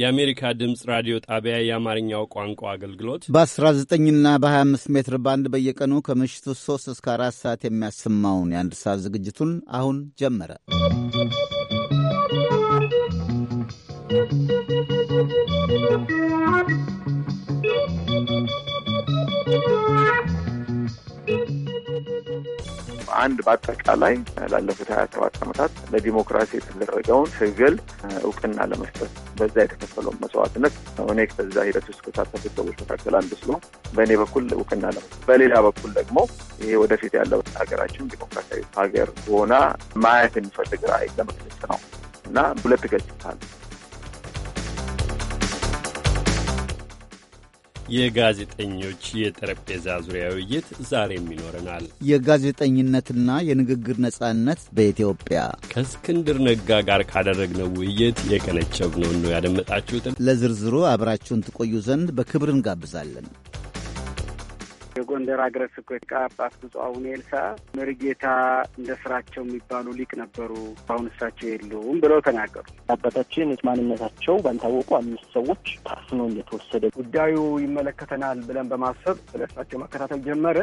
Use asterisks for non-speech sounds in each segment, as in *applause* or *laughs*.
የአሜሪካ ድምፅ ራዲዮ ጣቢያ የአማርኛው ቋንቋ አገልግሎት በ19ና በ25 ሜትር ባንድ በየቀኑ ከምሽቱ 3 እስከ 4 ሰዓት የሚያሰማውን የአንድ ሰዓት ዝግጅቱን አሁን ጀመረ። ¶¶ አንድ በአጠቃላይ ላለፉት ሀያ ሰባት ዓመታት ለዲሞክራሲ የተደረገውን ትግል እውቅና ለመስጠት በዛ የተከፈለውን መስዋዕትነት እኔ በዛ ሂደት ውስጥ ከሳተፉት ሰዎች መካከል አንዱ ስለ በእኔ በኩል እውቅና ለመስጠት፣ በሌላ በኩል ደግሞ ይሄ ወደፊት ያለው ሀገራችን ዲሞክራሲያዊ ሀገር ሆና ማየት የሚፈልግ ራዕይ ለመግለጽ ነው እና ሁለት ገጽታል የጋዜጠኞች የጠረጴዛ ዙሪያ ውይይት ዛሬም ይኖረናል። የጋዜጠኝነትና የንግግር ነጻነት በኢትዮጵያ ከእስክንድር ነጋ ጋር ካደረግነው ውይይት የቀነጨብነውን ነው ያደመጣችሁትን። ለዝርዝሩ አብራችሁን ትቆዩ ዘንድ በክብር እንጋብዛለን። የጎንደር ሀገረ ስብከት ሊቀ ጳጳስ ብፁዕ አቡነ ኤልሳ መርጌታ እንደ ስራቸው የሚባሉ ሊቅ ነበሩ፣ አሁን እሳቸው የሉም ብለው ተናገሩ። አባታችን ማንነታቸው ባልታወቁ አምስት ሰዎች ታፍኖ እየተወሰደ ጉዳዩ ይመለከተናል ብለን በማሰብ ስለእሳቸው መከታተል ጀመረ።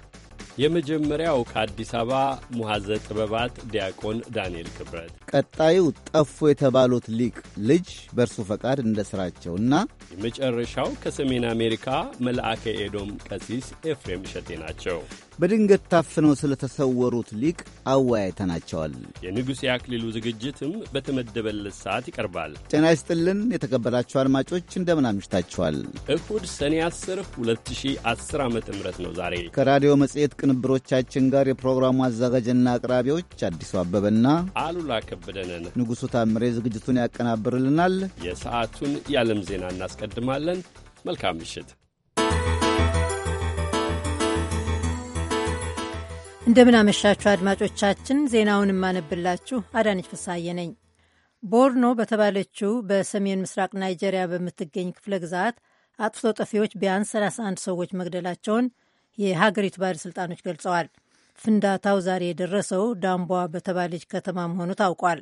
የመጀመሪያው ከአዲስ አበባ ሙሐዘ ጥበባት ዲያቆን ዳንኤል ክብረት፣ ቀጣዩ ጠፉ የተባሉት ሊቅ ልጅ በእርሱ ፈቃድ እንደ ሥራቸውና የመጨረሻው ከሰሜን አሜሪካ መልአከ ኤዶም ቀሲስ ኤፍሬም እሸቴ ናቸው። በድንገት ታፍነው ስለተሰወሩት ሊቅ አወያይተናቸዋል። የንጉሥ የአክሊሉ ዝግጅትም በተመደበለት ሰዓት ይቀርባል። ጤና ይስጥልን የተከበራችሁ አድማጮች እንደምን አምሽታችኋል። እሁድ ሰኔ 10 2010 ዓ ም ነው ዛሬ ከራዲዮ መጽሔት ቅንብሮቻችን ጋር የፕሮግራሙ አዘጋጅና አቅራቢዎች አዲሱ አበበና አሉላ ከበደነን ንጉሡ ታምሬ ዝግጅቱን ያቀናብርልናል። የሰዓቱን የዓለም ዜና እናስቀድማለን። መልካም ምሽት። እንደምናመሻችሁ አድማጮቻችን፣ ዜናውን የማነብላችሁ አዳነች ፍሳዬ ነኝ። ቦርኖ በተባለችው በሰሜን ምስራቅ ናይጄሪያ በምትገኝ ክፍለ ግዛት አጥፍቶ ጠፊዎች ቢያንስ 31 ሰዎች መግደላቸውን የሀገሪቱ ባለሥልጣኖች ገልጸዋል። ፍንዳታው ዛሬ የደረሰው ዳምቧ በተባለች ከተማ መሆኑ ታውቋል።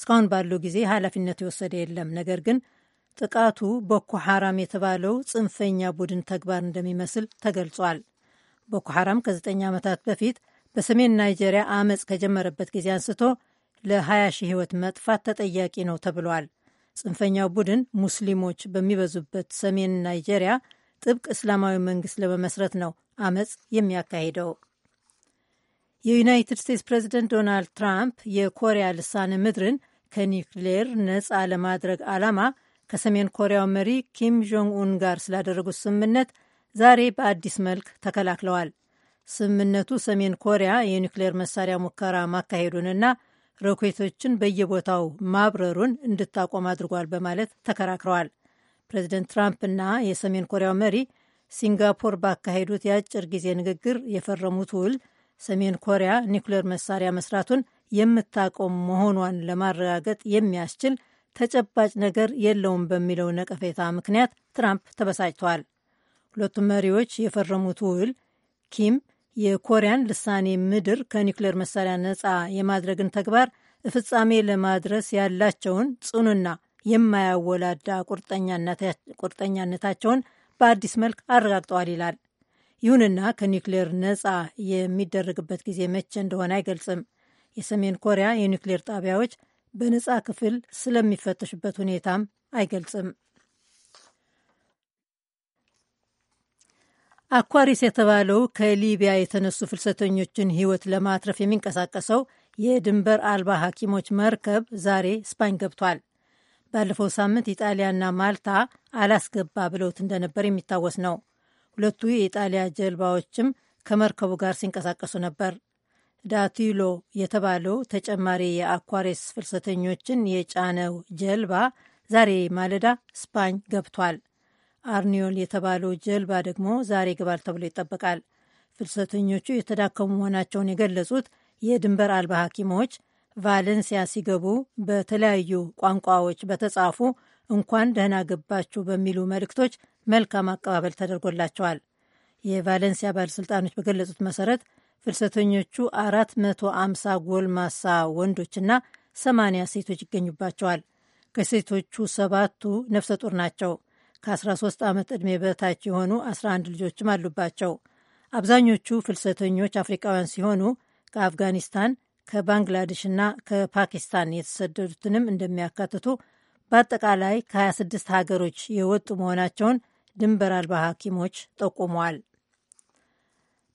እስካሁን ባለው ጊዜ ኃላፊነት የወሰደ የለም። ነገር ግን ጥቃቱ ቦኮ ሐራም የተባለው ጽንፈኛ ቡድን ተግባር እንደሚመስል ተገልጿል። ቦኮ ሐራም ከ9 ዓመታት በፊት በሰሜን ናይጄሪያ አመፅ ከጀመረበት ጊዜ አንስቶ ለ20 ሺህ ህይወት መጥፋት ተጠያቂ ነው ተብሏል። ጽንፈኛው ቡድን ሙስሊሞች በሚበዙበት ሰሜን ናይጄሪያ ጥብቅ እስላማዊ መንግስት ለመመስረት ነው አመፅ የሚያካሂደው። የዩናይትድ ስቴትስ ፕሬዚደንት ዶናልድ ትራምፕ የኮሪያ ልሳነ ምድርን ከኒውክሌር ነፃ ለማድረግ ዓላማ ከሰሜን ኮሪያው መሪ ኪም ጆንግ ኡን ጋር ስላደረጉት ስምምነት ዛሬ በአዲስ መልክ ተከላክለዋል። ስምምነቱ ሰሜን ኮሪያ የኒውክሌር መሳሪያ ሙከራ ማካሄዱንና ሮኬቶችን በየቦታው ማብረሩን እንድታቆም አድርጓል በማለት ተከራክረዋል። ፕሬዚደንት ትራምፕና የሰሜን ኮሪያው መሪ ሲንጋፖር ባካሄዱት የአጭር ጊዜ ንግግር የፈረሙት ውል ሰሜን ኮሪያ ኒውክሌር መሳሪያ መስራቱን የምታቆም መሆኗን ለማረጋገጥ የሚያስችል ተጨባጭ ነገር የለውም በሚለው ነቀፌታ ምክንያት ትራምፕ ተበሳጭተዋል። ሁለቱም መሪዎች የፈረሙት ውል ኪም የኮሪያን ልሳኔ ምድር ከኒውክሌር መሳሪያ ነፃ የማድረግን ተግባር ፍጻሜ ለማድረስ ያላቸውን ጽኑና የማያወላዳ ቁርጠኛነታቸውን በአዲስ መልክ አረጋግጠዋል ይላል። ይሁንና ከኒውክሌር ነፃ የሚደረግበት ጊዜ መቼ እንደሆነ አይገልጽም። የሰሜን ኮሪያ የኒውክሌር ጣቢያዎች በነፃ ክፍል ስለሚፈተሽበት ሁኔታም አይገልጽም። አኳሪስ የተባለው ከሊቢያ የተነሱ ፍልሰተኞችን ሕይወት ለማትረፍ የሚንቀሳቀሰው የድንበር አልባ ሐኪሞች መርከብ ዛሬ ስፓኝ ገብቷል። ባለፈው ሳምንት ኢጣሊያና ማልታ አላስገባ ብለውት እንደነበር የሚታወስ ነው። ሁለቱ የኢጣሊያ ጀልባዎችም ከመርከቡ ጋር ሲንቀሳቀሱ ነበር። ዳቲሎ የተባለው ተጨማሪ የአኳሬስ ፍልሰተኞችን የጫነው ጀልባ ዛሬ ማለዳ ስፓኝ ገብቷል። አርኒዮል የተባለው ጀልባ ደግሞ ዛሬ ይገባል ተብሎ ይጠበቃል። ፍልሰተኞቹ የተዳከሙ መሆናቸውን የገለጹት የድንበር አልባ ሐኪሞች ቫለንሲያ ሲገቡ በተለያዩ ቋንቋዎች በተጻፉ እንኳን ደህና ገባችሁ በሚሉ መልእክቶች መልካም አቀባበል ተደርጎላቸዋል። የቫለንሲያ ባለሥልጣኖች በገለጹት መሠረት ፍልሰተኞቹ 450 ጎልማሳ ወንዶችና 80 ሴቶች ይገኙባቸዋል። ከሴቶቹ ሰባቱ ነፍሰ ጡር ናቸው። ከ13 ዓመት ዕድሜ በታች የሆኑ 11 ልጆችም አሉባቸው። አብዛኞቹ ፍልሰተኞች አፍሪካውያን ሲሆኑ ከአፍጋኒስታን፣ ከባንግላዴሽ እና ከፓኪስታን የተሰደዱትንም እንደሚያካትቱ በአጠቃላይ ከ26 ሀገሮች የወጡ መሆናቸውን ድንበር አልባ ሐኪሞች ጠቁመዋል።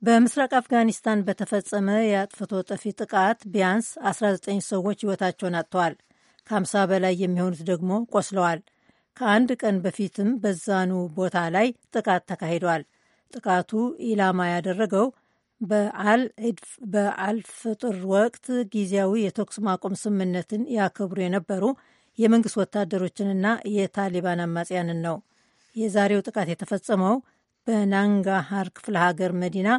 በምስራቅ አፍጋኒስታን በተፈጸመ የአጥፍቶ ጠፊ ጥቃት ቢያንስ 19 ሰዎች ሕይወታቸውን አጥተዋል። ከ50 በላይ የሚሆኑት ደግሞ ቆስለዋል። ከአንድ ቀን በፊትም በዛኑ ቦታ ላይ ጥቃት ተካሂዷል። ጥቃቱ ኢላማ ያደረገው በአልፍጥር ወቅት ጊዜያዊ የተኩስ ማቆም ስምምነትን ያከብሩ የነበሩ የመንግስት ወታደሮችንና የታሊባን አማጽያንን ነው። የዛሬው ጥቃት የተፈጸመው በናንጋሃር ክፍለ ሀገር መዲና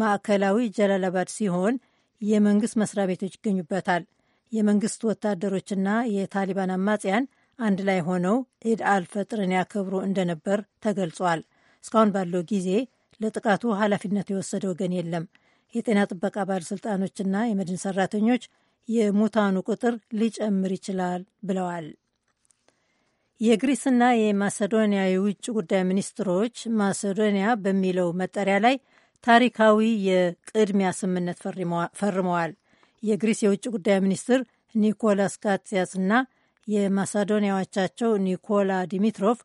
ማዕከላዊ ጀላላባድ ሲሆን የመንግስት መስሪያ ቤቶች ይገኙበታል። የመንግስት ወታደሮችና የታሊባን አማጽያን አንድ ላይ ሆነው ኢድ አልፈጥርን ያከብሩ እንደነበር ተገልጿል። እስካሁን ባለው ጊዜ ለጥቃቱ ኃላፊነት የወሰደ ወገን የለም። የጤና ጥበቃ ባለሥልጣኖችና የመድን ሰራተኞች የሙታኑ ቁጥር ሊጨምር ይችላል ብለዋል። የግሪስና የማሰዶኒያ የውጭ ጉዳይ ሚኒስትሮች ማሰዶኒያ በሚለው መጠሪያ ላይ ታሪካዊ የቅድሚያ ስምምነት ፈርመዋል። የግሪስ የውጭ ጉዳይ ሚኒስትር ኒኮላስ ካትሲያስ እና የማሳዶኒያዎቻቸው ኒኮላ ዲሚትሮቭ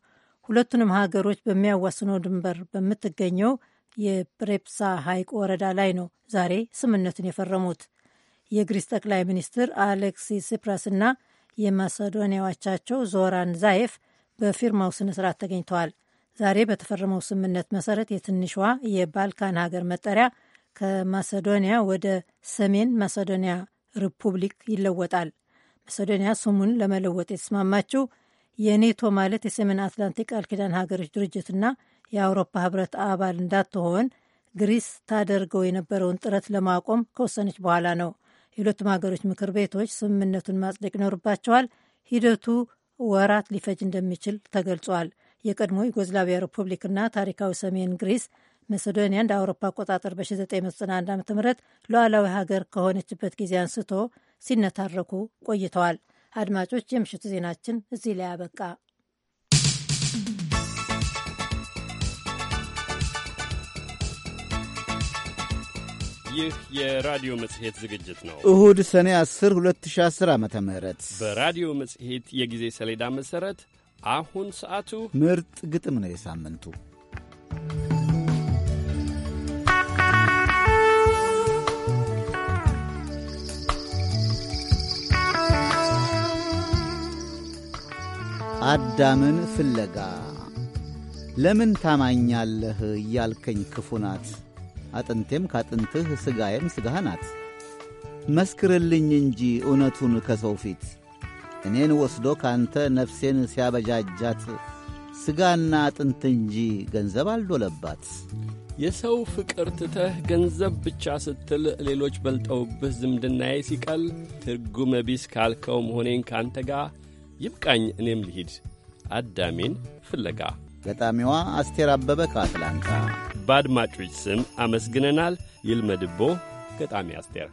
ሁለቱንም ሀገሮች በሚያዋስነው ድንበር በምትገኘው የፕሬፕሳ ሐይቅ ወረዳ ላይ ነው ዛሬ ስምነቱን የፈረሙት። የግሪስ ጠቅላይ ሚኒስትር አሌክሲ እና የማሳዶኒያዎቻቸው ዞራን ዛየፍ በፊርማው ስነ ስርዓት ተገኝተዋል። ዛሬ በተፈረመው ስምነት መሰረት የትንሿ የባልካን ሀገር መጠሪያ ከማሰዶኒያ ወደ ሰሜን ማሰዶኒያ ሪፑብሊክ ይለወጣል። መሰዶኒያ ስሙን ለመለወጥ የተስማማችው የኔቶ ማለት የሰሜን አትላንቲክ ቃል ኪዳን ሀገሮች ድርጅትና የአውሮፓ ህብረት አባል እንዳትሆን ግሪስ ታደርገው የነበረውን ጥረት ለማቆም ከወሰነች በኋላ ነው። የሁለቱም ሀገሮች ምክር ቤቶች ስምምነቱን ማጽደቅ ይኖርባቸዋል። ሂደቱ ወራት ሊፈጅ እንደሚችል ተገልጿል። የቀድሞ ዩጎዝላቪያ ሪፑብሊክና ታሪካዊ ሰሜን ግሪስ መሰዶኒያ እንደ አውሮፓ አቆጣጠር በ1991 ዓ ም ሉዓላዊ ሀገር ከሆነችበት ጊዜ አንስቶ ሲነታረኩ ቆይተዋል። አድማጮች፣ የምሽቱ ዜናችን እዚህ ላይ አበቃ። ይህ የራዲዮ መጽሔት ዝግጅት ነው። እሁድ ሰኔ 10 2010 ዓ ም በራዲዮ መጽሔት የጊዜ ሰሌዳ መሠረት አሁን ሰዓቱ ምርጥ ግጥም ነው የሳምንቱ አዳምን ፍለጋ ለምን ታማኛለህ እያልከኝ ክፉ ናት አጥንቴም ካጥንትህ ሥጋዬም ሥጋህ ናት። መስክርልኝ እንጂ እውነቱን ከሰው ፊት እኔን ወስዶ ካንተ ነፍሴን ሲያበጃጃት ሥጋና አጥንት እንጂ ገንዘብ አልዶለባት። የሰው ፍቅር ትተህ ገንዘብ ብቻ ስትል ሌሎች በልጠውብህ ዝምድናዬ ሲቀል ትርጉመ ቢስ ካልከው መሆኔን ካንተ ጋር ይብቃኝ እኔም ልሂድ አዳሜን ፍለጋ። ገጣሚዋ አስቴር አበበ ከአትላንታ በአድማጮች ስም አመስግነናል። ይልመድቦ ገጣሚ አስቴር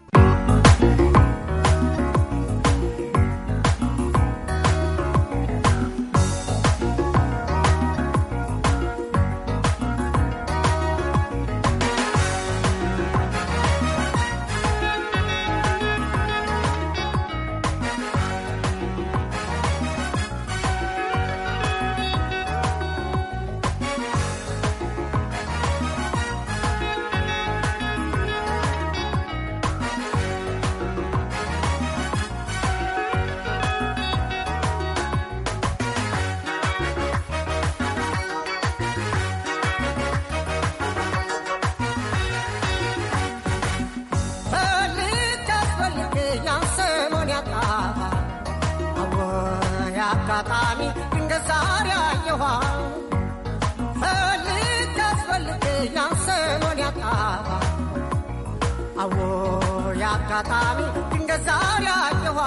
አጋጣሚ ድንገት ዛሬ አየኋ ፈልጌ አስፈልጌ ያንሰኖን ያጣኋ አዎ የአጋጣሚ ድንገት ዛሬ አየኋ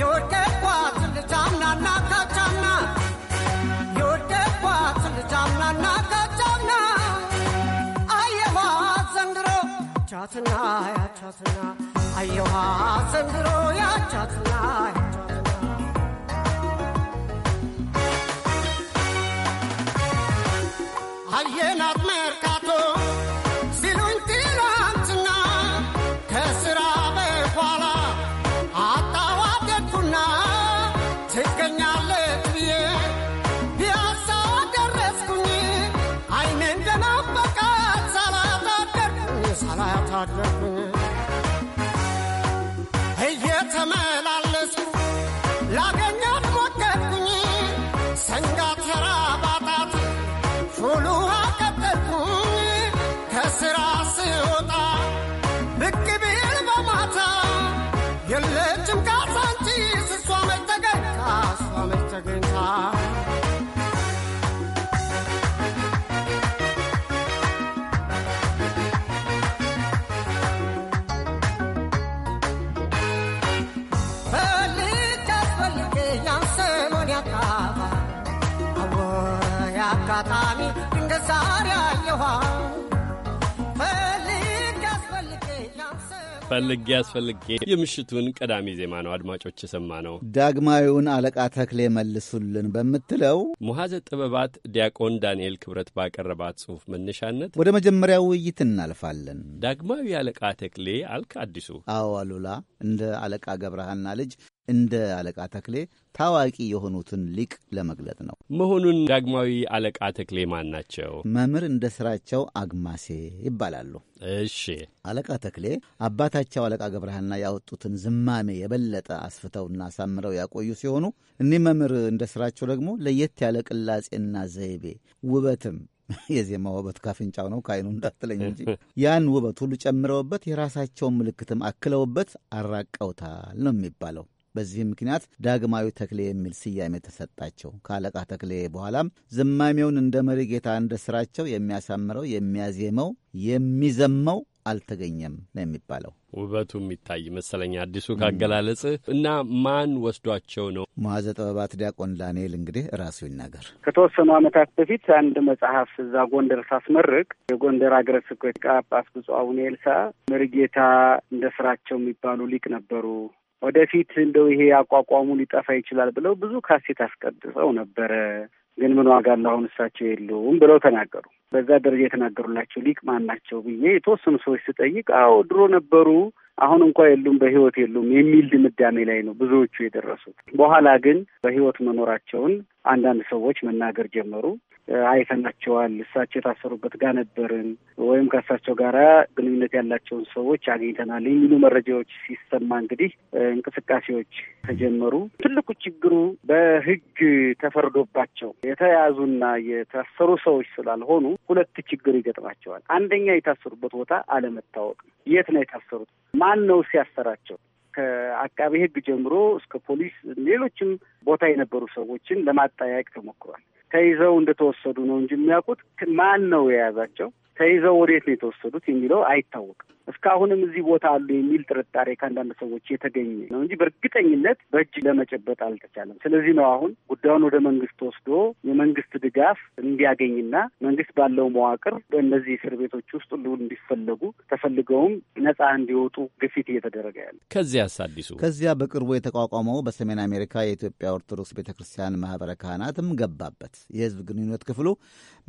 የወደድኳትን ልጅ አምናና ካቻምና የወደድኳትን ልጅ አየኋት ዘንድሮ ቻትና ያቻትና አየኋት ዘንድሮ ያቻትና ያቻ nadie not armer ፈልጌ ያስፈልጌ የምሽቱን ቀዳሚ ዜማ ነው አድማጮች የሰማ ነው። ዳግማዊውን አለቃ ተክሌ መልሱልን በምትለው ሙሐዘ ጥበባት ዲያቆን ዳንኤል ክብረት ባቀረባት ጽሑፍ መነሻነት ወደ መጀመሪያው ውይይት እናልፋለን። ዳግማዊ አለቃ ተክሌ አልክ አዲሱ? አዎ አሉላ እንደ አለቃ ገብረሃና ልጅ እንደ አለቃ ተክሌ ታዋቂ የሆኑትን ሊቅ ለመግለጥ ነው መሆኑን ዳግማዊ አለቃ ተክሌ ማን ናቸው? መምህር እንደ ስራቸው አግማሴ ይባላሉ። እሺ። አለቃ ተክሌ አባታቸው አለቃ ገብረሃና ያወጡትን ዝማሜ የበለጠ አስፍተውና አሳምረው ያቆዩ ሲሆኑ እኒህ መምህር እንደ ስራቸው ደግሞ ለየት ያለ ቅላጼና ዘይቤ ውበትም *laughs* የዜማ ውበት ካፍንጫው ነው ከአይኑ እንዳትለኝ እንጂ *laughs* ያን ውበት ሁሉ ጨምረውበት የራሳቸውን ምልክትም አክለውበት አራቀውታል ነው የሚባለው። በዚህም ምክንያት ዳግማዊ ተክሌ የሚል ስያሜ ተሰጣቸው። ከአለቃ ተክሌ በኋላም ዝማሜውን እንደ መሪ ጌታ እንደ ስራቸው የሚያሳምረው የሚያዜመው የሚዘመው አልተገኘም ነው የሚባለው። ውበቱ የሚታይ መሰለኝ አዲሱ ካገላለጽ እና ማን ወስዷቸው ነው? መዋዘ ጥበባት ዲያቆን ዳንኤል እንግዲህ ራሱ ይናገር። ከተወሰኑ ዓመታት በፊት አንድ መጽሐፍ እዛ ጎንደር ሳስመርቅ የጎንደር ሀገረ ስብከት ጳጳስ ብፁዕ አቡነ ኤልሳ መሪጌታ እንደ ስራቸው የሚባሉ ሊቅ ነበሩ ወደፊት እንደው ይሄ አቋቋሙ ሊጠፋ ይችላል ብለው ብዙ ካሴት አስቀድጸው ነበረ። ግን ምን ዋጋ አለው አሁን እሳቸው የለውም ብለው ተናገሩ። በዛ ደረጃ የተናገሩላቸው ሊቅ ማን ናቸው ብዬ የተወሰኑ ሰዎች ስጠይቅ፣ አዎ ድሮ ነበሩ፣ አሁን እንኳ የሉም፣ በህይወት የሉም የሚል ድምዳሜ ላይ ነው ብዙዎቹ የደረሱት። በኋላ ግን በህይወት መኖራቸውን አንዳንድ ሰዎች መናገር ጀመሩ። አይተናቸዋል። እሳቸው የታሰሩበት ጋር ነበርን ወይም ከእሳቸው ጋር ግንኙነት ያላቸውን ሰዎች አግኝተናል የሚሉ መረጃዎች ሲሰማ እንግዲህ እንቅስቃሴዎች ተጀመሩ። ትልቁ ችግሩ በሕግ ተፈርዶባቸው የተያዙና የታሰሩ ሰዎች ስላልሆኑ ሁለት ችግር ይገጥማቸዋል። አንደኛ የታሰሩበት ቦታ አለመታወቅ። የት ነው የታሰሩት? ማን ነው ሲያሰራቸው? ከአቃቤ ሕግ ጀምሮ እስከ ፖሊስ፣ ሌሎችም ቦታ የነበሩ ሰዎችን ለማጠያየቅ ተሞክሯል። ተይዘው እንደተወሰዱ ነው እንጂ የሚያውቁት ማን ነው የያዛቸው፣ ተይዘው ወዴት ነው የተወሰዱት የሚለው አይታወቅም። እስካሁንም እዚህ ቦታ አሉ የሚል ጥርጣሬ ከአንዳንድ ሰዎች የተገኘ ነው እንጂ በእርግጠኝነት በእጅ ለመጨበጥ አልተቻለም። ስለዚህ ነው አሁን ጉዳዩን ወደ መንግስት ወስዶ የመንግስት ድጋፍ እንዲያገኝና መንግስት ባለው መዋቅር በእነዚህ እስር ቤቶች ውስጥ ሁሉ እንዲፈለጉ ተፈልገውም ነጻ እንዲወጡ ግፊት እየተደረገ ያለ። ከዚያ አዲሱ ከዚያ በቅርቡ የተቋቋመው በሰሜን አሜሪካ የኢትዮጵያ ኦርቶዶክስ ቤተ ክርስቲያን ማህበረ ካህናትም ገባበት። የህዝብ ግንኙነት ክፍሉ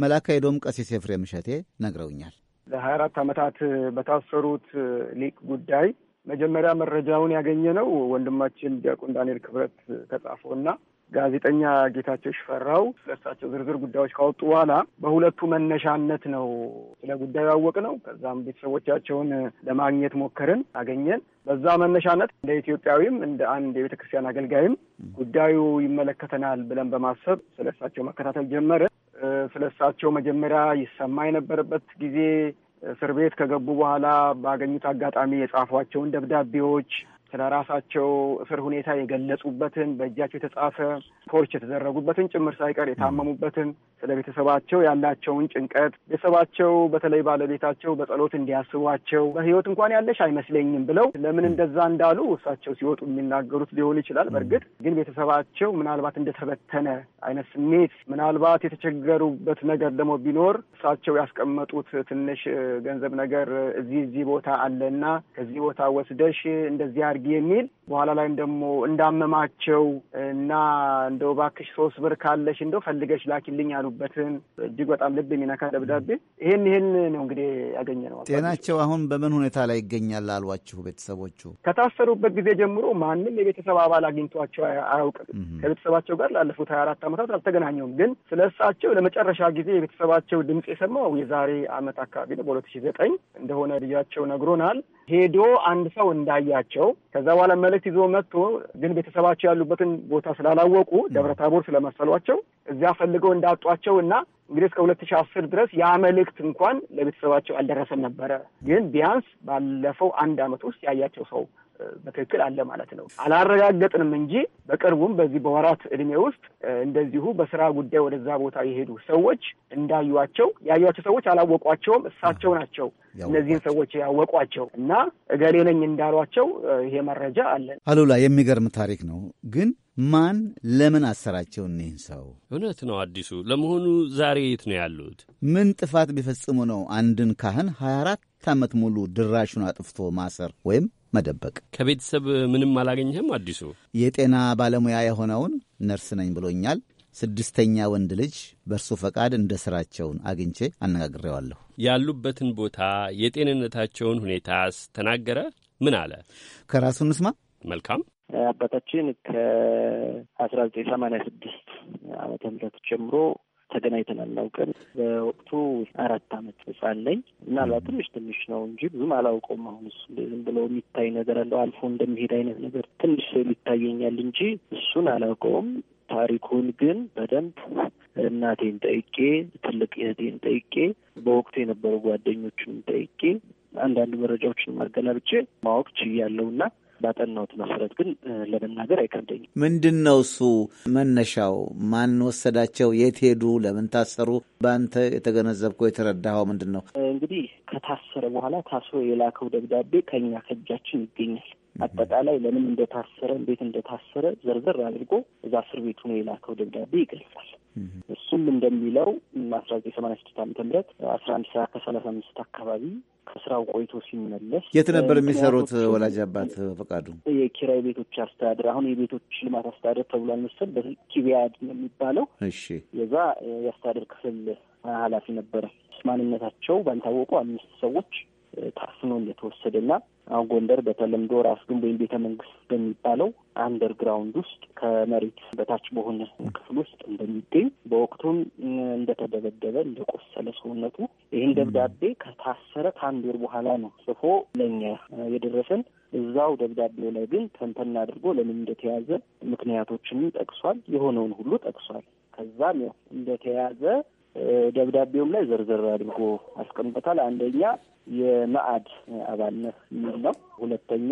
መላካ ሄዶም ቀሲስ ኤፍሬም እሸቴ ነግረውኛል። ለሀያ አራት ዓመታት በታሰሩት ሊቅ ጉዳይ መጀመሪያ መረጃውን ያገኘ ነው ወንድማችን ዲያቆን ዳንኤል ክብረት ከጻፈው እና ጋዜጠኛ ጌታቸው ሽፈራው ስለእርሳቸው ዝርዝር ጉዳዮች ካወጡ በኋላ በሁለቱ መነሻነት ነው ስለ ጉዳዩ ያወቅ ነው። ከዛም ቤተሰቦቻቸውን ለማግኘት ሞከርን፣ አገኘን። በዛ መነሻነት እንደ ኢትዮጵያዊም እንደ አንድ የቤተ ክርስቲያን አገልጋይም ጉዳዩ ይመለከተናል ብለን በማሰብ ስለ እሳቸው መከታተል ጀመርን። ስለ እሳቸው መጀመሪያ ይሰማ የነበረበት ጊዜ እስር ቤት ከገቡ በኋላ ባገኙት አጋጣሚ የጻፏቸውን ደብዳቤዎች ስለ ራሳቸው እስር ሁኔታ የገለጹበትን በእጃቸው የተጻፈ ፖርች የተደረጉበትን ጭምር ሳይቀር የታመሙበትን፣ ስለ ቤተሰባቸው ያላቸውን ጭንቀት ቤተሰባቸው በተለይ ባለቤታቸው በጸሎት እንዲያስቧቸው በሕይወት እንኳን ያለሽ አይመስለኝም ብለው ለምን እንደዛ እንዳሉ እሳቸው ሲወጡ የሚናገሩት ሊሆን ይችላል። በእርግጥ ግን ቤተሰባቸው ምናልባት እንደተበተነ አይነት ስሜት ምናልባት የተቸገሩበት ነገር ደግሞ ቢኖር እሳቸው ያስቀመጡት ትንሽ ገንዘብ ነገር እዚህ እዚህ ቦታ አለና ከዚህ ቦታ ወስደሽ እንደዚህ አድርጊ የሚል በኋላ ላይም ደግሞ እንዳመማቸው እና እንደው እባክሽ ሶስት ብር ካለሽ እንደው ፈልገሽ ላኪልኝ ያሉበትን እጅግ በጣም ልብ የሚነካ ደብዳቤ ይሄን ይሄን ነው እንግዲህ ያገኘ ነው። ጤናቸው አሁን በምን ሁኔታ ላይ ይገኛል አሏችሁ ቤተሰቦቹ? ከታሰሩበት ጊዜ ጀምሮ ማንም የቤተሰብ አባል አግኝቷቸው አያውቅም። ከቤተሰባቸው ጋር ላለፉት ሀያ አራት ዓመታት አልተገናኘውም። ግን ስለ እሳቸው ለመጨረሻ ጊዜ የቤተሰባቸው ድምፅ የሰማው የዛሬ ዓመት አካባቢ ነው በሁለት ሺህ ዘጠኝ እንደሆነ ልጃቸው ነግሮናል። ሄዶ አንድ ሰው እንዳያቸው ከዛ በኋላ መልእክት ይዞ መጥቶ ግን ቤተሰባቸው ያሉበትን ቦታ ስላላወቁ ደብረ ታቦር ስለመሰሏቸው እዚያ ፈልገው እንዳጧቸው እና እንግዲህ እስከ ሁለት ሺ አስር ድረስ ያ መልእክት እንኳን ለቤተሰባቸው አልደረሰም ነበረ። ግን ቢያንስ ባለፈው አንድ አመት ውስጥ ያያቸው ሰው በትክክል አለ ማለት ነው። አላረጋገጥንም እንጂ በቅርቡም በዚህ በወራት እድሜ ውስጥ እንደዚሁ በስራ ጉዳይ ወደዛ ቦታ የሄዱ ሰዎች እንዳዩቸው ያዩቸው ሰዎች አላወቋቸውም። እሳቸው ናቸው እነዚህን ሰዎች ያወቋቸው እና እገሌ ነኝ እንዳሏቸው ይሄ መረጃ አለን። አሉላ የሚገርም ታሪክ ነው ግን ማን ለምን አሰራቸው እኒህን ሰው? እውነት ነው። አዲሱ ለመሆኑ ዛሬ የት ነው ያሉት? ምን ጥፋት ቢፈጽሙ ነው አንድን ካህን 24 ዓመት ሙሉ ድራሹን አጥፍቶ ማሰር ወይም መደበቅ። ከቤተሰብ ምንም አላገኘህም? አዲሱ የጤና ባለሙያ የሆነውን ነርስ ነኝ ብሎኛል። ስድስተኛ ወንድ ልጅ በእርሱ ፈቃድ እንደ ሥራቸውን አግኝቼ አነጋግሬዋለሁ። ያሉበትን ቦታ የጤንነታቸውን ሁኔታስ ተናገረ? ምን አለ? ከራሱ እንስማ። መልካም አባታችን ከአስራ ዘጠኝ ሰማንያ ስድስት ዓመተ ምህረት ጀምሮ ተገናኝተን አናውቅም። በወቅቱ አራት አመት ህጻን ላይ ምናልባት ትንሽ ትንሽ ነው እንጂ ብዙም አላውቀውም። አሁን ዝም ብሎ የሚታይ ነገር አለው አልፎ እንደሚሄድ አይነት ነገር ትንሽ ስዕል ይታየኛል እንጂ እሱን አላውቀውም። ታሪኩን ግን በደንብ እናቴን ጠይቄ፣ ትልቅ እህቴን ጠይቄ፣ በወቅቱ የነበሩ ጓደኞችን ጠይቄ አንዳንድ መረጃዎችን ማገላብጬ ማወቅ ችያለሁ እና ባጠናሁት መሰረት ግን ለመናገር አይከብደኝም። ምንድን ነው እሱ መነሻው? ማን ወሰዳቸው? የት ሄዱ? ለምን ታሰሩ? በአንተ የተገነዘብከው የተረዳኸው ምንድን ነው? እንግዲህ ከታሰረ በኋላ ታስሮ የላከው ደብዳቤ ከኛ ከእጃችን ይገኛል። አጠቃላይ ለምን እንደታሰረ እንዴት እንደታሰረ ዘርዘር አድርጎ እዛ እስር ቤት ነው የላከው ደብዳቤ ይገልጻል። እሱም እንደሚለው አስራ ዘጠኝ ሰማንያ ስድስት ዓመተ ምህረት አስራ አንድ ሰዓት ከሰላሳ አምስት አካባቢ ከስራው ቆይቶ ሲመለስ የት ነበር የሚሰሩት? ወላጅ አባት ፈቃዱ የኪራይ ቤቶች አስተዳደር አሁን የቤቶች ልማት አስተዳደር ተብሎ አልመሰል በኪቢያድ ነው የሚባለው። እሺ የዛ የአስተዳደር ክፍል ኃላፊ ነበረ። ማንነታቸው ባልታወቁ አምስት ሰዎች ታፍኖ እንደተወሰደና አሁን ጎንደር በተለምዶ ራስ ግንብ ወይም ቤተ መንግስት በሚባለው አንደርግራውንድ ውስጥ ከመሬት በታች በሆነ ክፍል ውስጥ እንደሚገኝ በወቅቱም እንደተደበደበ እንደቆሰለ ሰውነቱ ይህን ደብዳቤ ከታሰረ ከአንድ ወር በኋላ ነው ጽፎ ለኛ የደረሰን። እዛው ደብዳቤው ላይ ግን ተንተና አድርጎ ለምን እንደተያዘ ምክንያቶችንም ጠቅሷል። የሆነውን ሁሉ ጠቅሷል። ከዛም ያው እንደተያዘ ደብዳቤውም ላይ ዝርዝር አድርጎ አስቀምጦታል። አንደኛ የመአድ አባልነት የሚል ነው። ሁለተኛ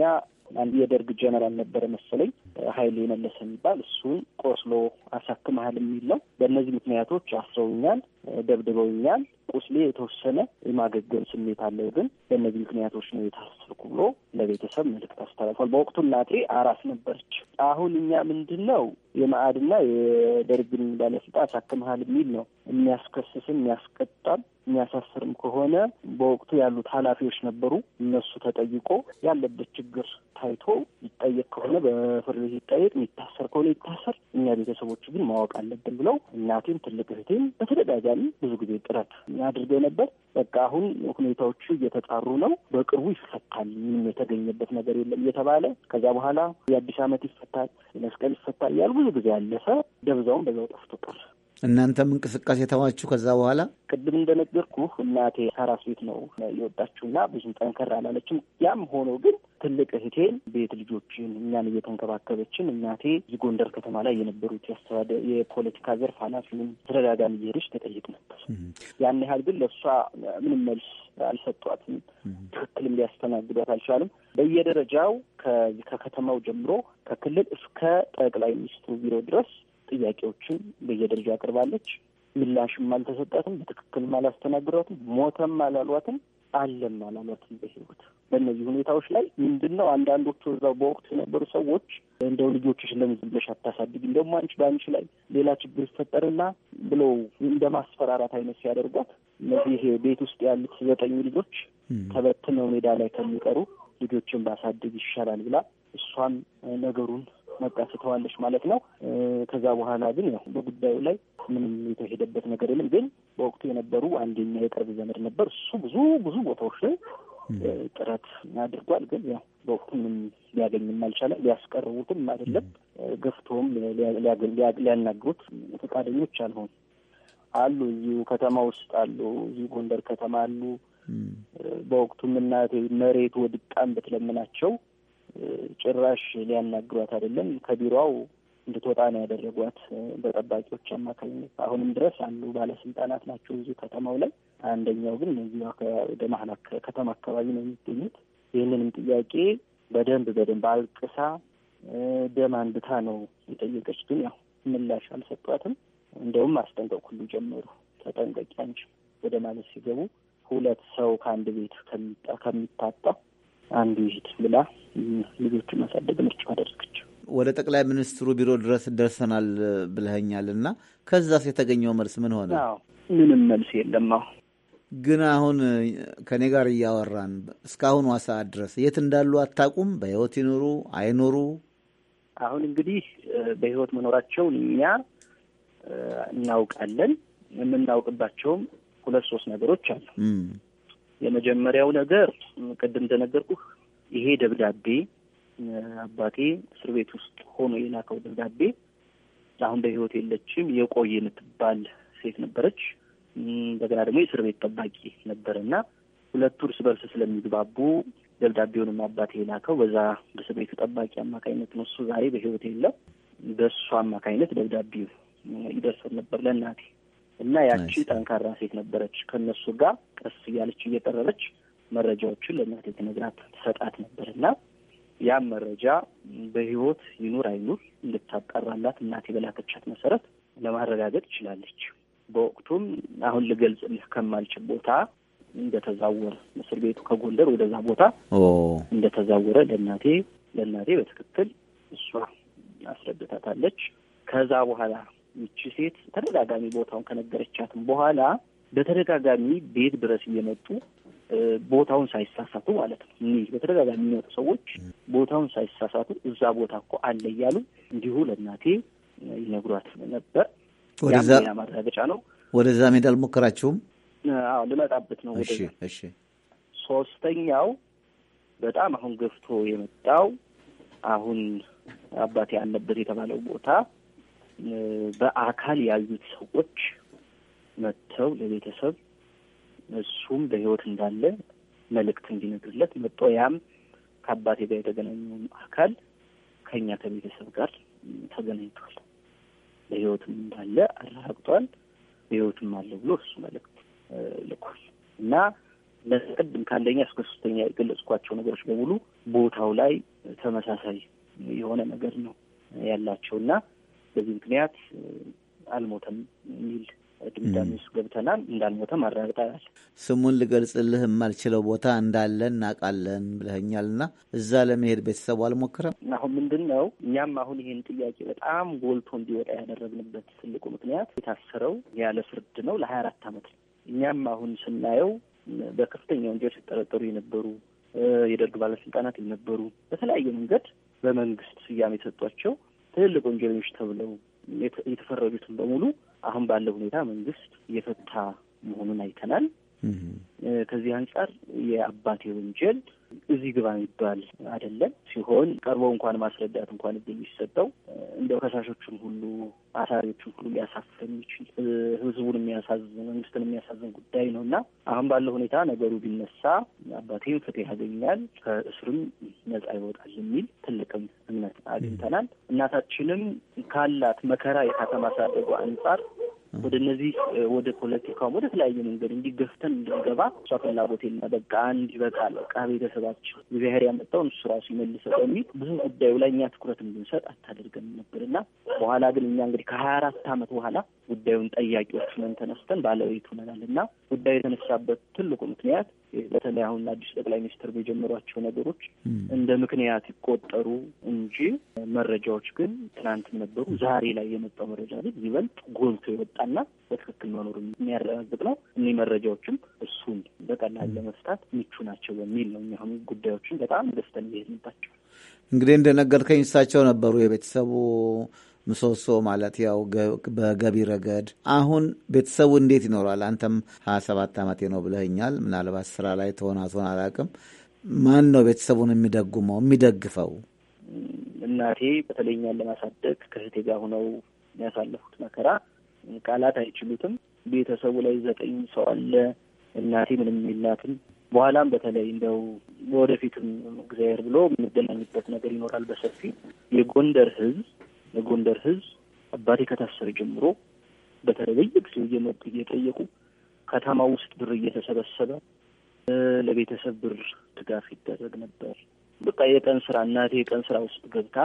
አንዱ የደርግ ጀነራል ነበረ መሰለኝ ሀይሌ የመለሰ የሚባል እሱን ቆስሎ አሳክመሃል የሚል ነው። በእነዚህ ምክንያቶች አስረውኛል፣ ደብድበውኛል። ቁስሌ የተወሰነ የማገገም ስሜት አለው፣ ግን በእነዚህ ምክንያቶች ነው የታሰርኩ ብሎ ለቤተሰብ መልዕክት አስተላልፏል። በወቅቱ እናቴ አራስ ነበረች። አሁን እኛ ምንድን ነው የመአድና የደርግን ባለስልጣን አሳክመሃል የሚል ነው የሚያስከስስም የሚያስቀጣም የሚያሳስርም ከሆነ በወቅቱ ያሉት ኃላፊዎች ነበሩ። እነሱ ተጠይቆ ያለበት ችግር ታይቶ ይጠየቅ ከሆነ በፍርድ ልጅ ይጠየቅ፣ የሚታሰር ከሆነ ይታሰር፣ እኛ ቤተሰቦቹ ግን ማወቅ አለብን ብለው እናቴም ትልቅ እህቴም በተደጋጋሚ ብዙ ጊዜ ጥረት አድርገው ነበር። በቃ አሁን ሁኔታዎቹ እየተጣሩ ነው፣ በቅርቡ ይፈታል፣ ምንም የተገኘበት ነገር የለም እየተባለ ከዛ በኋላ የአዲስ ዓመት ይፈታል፣ የመስቀል ይፈታል ያሉ ብዙ ጊዜ ያለፈ ደብዛውን በዛው ጠፍቶ ቀረ። እናንተም እንቅስቃሴ ተዋችሁ? ከዛ በኋላ ቅድም እንደነገርኩ እናቴ ሰራ ሴት ነው የወጣችሁና ብዙ ጠንከር አላለችም። ያም ሆኖ ግን ትልቅ እህቴን ቤት ልጆችን እኛን እየተንከባከበችን እናቴ እዚህ ጎንደር ከተማ ላይ የነበሩት ያስተዋደ የፖለቲካ ዘርፍ ኃላፊውን ተደጋጋሚ እየሄደች ተጠይቅ ነበር። ያን ያህል ግን ለእሷ ምንም መልስ አልሰጧትም። ትክክልም ሊያስተናግዷት አልቻሉም። በየደረጃው ከከተማው ጀምሮ ከክልል እስከ ጠቅላይ ሚኒስትሩ ቢሮ ድረስ ጥያቄዎችን በየደረጃ አቅርባለች። ምላሽም አልተሰጣትም። በትክክልም አላስተናግሯትም። ሞተም አላሏትም። አለም አላሏትም በህይወት በእነዚህ ሁኔታዎች ላይ ምንድን ነው አንዳንዶቹ እዛው በወቅቱ የነበሩ ሰዎች እንደው ልጆችሽ ለምን ዝም ብለሽ አታሳድጊ፣ እንደውም አንቺ በአንቺ ላይ ሌላ ችግር ይፈጠርና ብለው እንደ ማስፈራራት አይነት ሲያደርጓት እነዚህ ቤት ውስጥ ያሉት ዘጠኝ ልጆች ተበትነው ሜዳ ላይ ከሚቀሩ ልጆችን ባሳድግ ይሻላል ብላ እሷም ነገሩን መብቃ ትተዋለች ማለት ነው። ከዛ በኋላ ግን ያው በጉዳዩ ላይ ምንም የተሄደበት ነገር የለም። ግን በወቅቱ የነበሩ አንደኛ የቅርብ ዘመድ ነበር። እሱ ብዙ ብዙ ቦታዎች ላይ ጥረት አድርጓል። ግን ያው በወቅቱ ምንም ሊያገኝም አልቻለም። ሊያስቀርቡትም አይደለም ገፍቶም ሊያናግሩት ፈቃደኞች አልሆን አሉ። እዚሁ ከተማ ውስጥ አሉ። እዚሁ ጎንደር ከተማ አሉ። በወቅቱም እናቴ መሬት ወድቃን ብትለምናቸው ጭራሽ ሊያናግሯት አይደለም ከቢሮው እንድትወጣ ነው ያደረጓት በጠባቂዎች አማካኝነት። አሁንም ድረስ አሉ ባለስልጣናት ናቸው እዚሁ ከተማው ላይ። አንደኛው ግን እዚሁ ወደ መሀል ከተማ አካባቢ ነው የሚገኙት። ይህንንም ጥያቄ በደንብ በደንብ አልቅሳ ደም አንብታ ነው የጠየቀች። ግን ያው ምላሽ አልሰጧትም። እንደውም ማስጠንቀቅ ሁሉ ጀመሩ። ተጠንቀቂ አንቺ ወደ ማለት ሲገቡ ሁለት ሰው ከአንድ ቤት ከሚታጣ አንዱ ይሂድ ብላ ልጆቹ ማሳደግ ምርጫው አደረገችው ወደ ጠቅላይ ሚኒስትሩ ቢሮ ድረስ ደርሰናል ብለኸኛል እና ከዛስ የተገኘው መልስ ምን ሆነ? ምንም መልስ የለም። ግን አሁን ከእኔ ጋር እያወራን እስካሁን ሰዓት ድረስ የት እንዳሉ አታውቁም? በህይወት ይኖሩ አይኖሩ? አሁን እንግዲህ በህይወት መኖራቸውን እኛ እናውቃለን። የምናውቅባቸውም ሁለት ሶስት ነገሮች አሉ። የመጀመሪያው ነገር ቅድም እንደነገርኩህ ይሄ ደብዳቤ አባቴ እስር ቤት ውስጥ ሆኖ የላከው ደብዳቤ አሁን በህይወት የለችም የቆየ የምትባል ሴት ነበረች። እንደገና ደግሞ የእስር ቤት ጠባቂ ነበር እና ሁለቱ እርስ በርስ ስለሚግባቡ ደብዳቤውንም አባቴ የላከው በዛ በእስር ቤቱ ጠባቂ አማካኝነት ነው። እሱ ዛሬ በህይወት የለም። በእሱ አማካኝነት ደብዳቤው ይደርሰን ነበር ለእናቴ እና ያቺ ጠንካራ ሴት ነበረች። ከእነሱ ጋር ቀስ እያለች እየጠረበች መረጃዎችን ለእናቴ ትነግራት ትሰጣት ነበር እና ያም መረጃ በህይወት ይኑር አይኑር እንድታጣራላት እናቴ በላከቻት መሰረት ለማረጋገጥ ይችላለች። በወቅቱም አሁን ልገልጽልህ ከማልችል ቦታ እንደተዛወረ እስር ቤቱ ከጎንደር ወደዛ ቦታ እንደተዛወረ ለእናቴ ለእናቴ በትክክል እሷ አስረድታታለች። ከዛ በኋላ ይቺ ሴት ተደጋጋሚ ቦታውን ከነገረቻትም በኋላ በተደጋጋሚ ቤት ድረስ እየመጡ ቦታውን ሳይሳሳቱ ማለት ነው። እኒህ በተደጋጋሚ የሚመጡ ሰዎች ቦታውን ሳይሳሳቱ እዛ ቦታ እኮ አለ እያሉ እንዲሁ ለእናቴ ይነግሯት ነበር። ያምና ማረጋገጫ ነው። ወደዛ ሜዳ አልሞከራችሁም? አዎ ልመጣበት ነው። ወደ ሶስተኛው በጣም አሁን ገፍቶ የመጣው አሁን አባቴ አለበት የተባለው ቦታ በአካል ያዩት ሰዎች መጥተው ለቤተሰብ እሱም በህይወት እንዳለ መልእክት እንዲነግርለት መጦ ያም ከአባቴ ጋር የተገናኘውን አካል ከኛ ከቤተሰብ ጋር ተገናኝቷል፣ በህይወትም እንዳለ አረጋግጧል፣ በህይወትም አለ ብሎ እሱ መልእክት ልኳል እና ቅድም ከአንደኛ እስከ ሶስተኛ የገለጽኳቸው ነገሮች በሙሉ ቦታው ላይ ተመሳሳይ የሆነ ነገር ነው ያላቸው እና በዚህ ምክንያት አልሞተም የሚል ድምዳሜ ውስጥ ገብተናል። እንዳልሞተም አረጋግጠናል። ስሙን ልገልጽልህ የማልችለው ቦታ እንዳለን እናውቃለን ብለኸኛል እና እዛ ለመሄድ ቤተሰቡ አልሞክረም። አሁን ምንድን ነው እኛም አሁን ይህን ጥያቄ በጣም ጎልቶ እንዲወጣ ያደረግንበት ትልቁ ምክንያት የታሰረው ያለ ፍርድ ነው ለሀያ አራት አመት ነው። እኛም አሁን ስናየው በከፍተኛ ወንጀል ሲጠረጠሩ የነበሩ የደርግ ባለስልጣናት የነበሩ በተለያየ መንገድ በመንግስት ስያሜ የሰጧቸው ትልልቅ ወንጀለኞች ተብለው የተፈረጁትን በሙሉ አሁን ባለው ሁኔታ መንግስት እየፈታ መሆኑን አይተናል። ከዚህ አንጻር የአባቴ ወንጀል እዚህ ግባ የሚባል አይደለም ሲሆን ቀርቦ እንኳን ማስረዳት እንኳን እድል የሚሰጠው እንዲያው ከሳሾቹን ሁሉ አሳሪዎቹን ሁሉ ሊያሳፍር የሚችል ህዝቡን የሚያሳዝን መንግስትን የሚያሳዝን ጉዳይ ነው እና አሁን ባለው ሁኔታ ነገሩ ቢነሳ አባቴም ፍትህ ያገኛል፣ ከእስርም ነጻ ይወጣል የሚል ትልቅም እምነት አግኝተናል። እናታችንም ካላት መከራ የታተማሳደጉ አንጻር ወደ እነዚህ ወደ ፖለቲካውም ወደ ተለያየ መንገድ እንዲገፍተን እንድንገባ እሷ ፍላጎት የለ በቃ እንዲበቃ በቃ ቤተሰባቸው እግዚአብሔር ያመጣውን እሱ ራሱ ይመልሰው በሚል ብዙ ጉዳዩ ላይ እኛ ትኩረት እንድንሰጥ አታደርገን ነበር እና በኋላ ግን እኛ እንግዲህ ከሀያ አራት አመት በኋላ ጉዳዩን ጠያቂዎች ነን ተነስተን ባለቤት ሆነናል እና ጉዳዩ የተነሳበት ትልቁ ምክንያት በተለይ አሁን አዲሱ ጠቅላይ ሚኒስትር በጀመሯቸው ነገሮች እንደ ምክንያት ይቆጠሩ እንጂ መረጃዎች ግን ትናንት ነበሩ። ዛሬ ላይ የመጣው መረጃ ግን ይበልጥ ጎልቶ የወጣና በትክክል መኖሩ የሚያረጋግጥ ነው። እኒህ መረጃዎችም እሱን በቀላል ለመፍታት ምቹ ናቸው በሚል ነው የሚሆኑ ጉዳዮችን በጣም ደስተን ይሄድንባቸው። እንግዲህ እንደነገርከኝ እሳቸው ነበሩ የቤተሰቡ ምሰሶ ማለት ያው በገቢ ረገድ አሁን ቤተሰቡ እንዴት ይኖራል? አንተም ሀያ ሰባት ዓመቴ ነው ብለህኛል። ምናልባት ስራ ላይ ትሆን አትሆን አላውቅም። ማን ነው ቤተሰቡን የሚደጉመው የሚደግፈው? እናቴ በተለይ ለማሳደግ ከህቴ ጋር ሆነው የሚያሳለፉት መከራ ቃላት አይችሉትም። ቤተሰቡ ላይ ዘጠኝ ሰው አለ። እናቴ ምንም የሚላትም በኋላም በተለይ እንደው በወደፊትም እግዚአብሔር ብሎ የምንገናኝበት ነገር ይኖራል። በሰፊ የጎንደር ህዝብ የጎንደር ህዝብ አባቴ ከታሰረ ጀምሮ በተለየ ጊዜ እየመጡ እየጠየቁ ከተማ ውስጥ ብር እየተሰበሰበ ለቤተሰብ ብር ድጋፍ ይደረግ ነበር። በቃ የቀን ስራ እናቴ የቀን ስራ ውስጥ ገብታ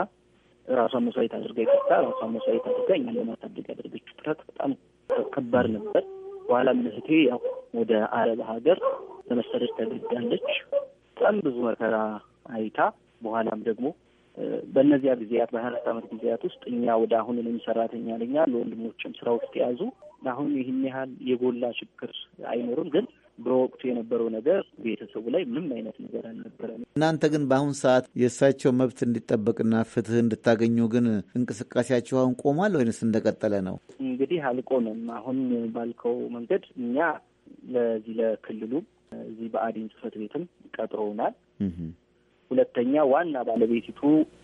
ራሷ መስዋዕት አድርጋ ይቀጣ ራሷ መስዋዕት አድርጋ እኛን ለማሳደግ ያደረገችው ጥረት በጣም ከባድ ነበር። በኋላ እህቴ ያው ወደ አረብ ሀገር ለመሰደድ ተገዳለች። በጣም ብዙ መከራ አይታ በኋላም ደግሞ በእነዚያ ጊዜያት በሀያአራት አመት ጊዜያት ውስጥ እኛ ወደ አሁን እኔም ሰራተኛ ነኝ ለወንድሞችም ስራ ውስጥ የያዙ አሁን ይህን ያህል የጎላ ችግር አይኖርም ግን በወቅቱ የነበረው ነገር ቤተሰቡ ላይ ምንም አይነት ነገር አልነበረም። እናንተ ግን በአሁን ሰዓት የእሳቸው መብት እንዲጠበቅና ፍትህ እንድታገኙ ግን እንቅስቃሴያችሁ አሁን ቆሟል ወይንስ እንደቀጠለ ነው? እንግዲህ አልቆምም። አሁን ባልከው መንገድ እኛ ለዚህ ለክልሉ እዚህ በአዲን ጽህፈት ቤትም ቀጥሮውናል። ሁለተኛ ዋና ባለቤቲቱ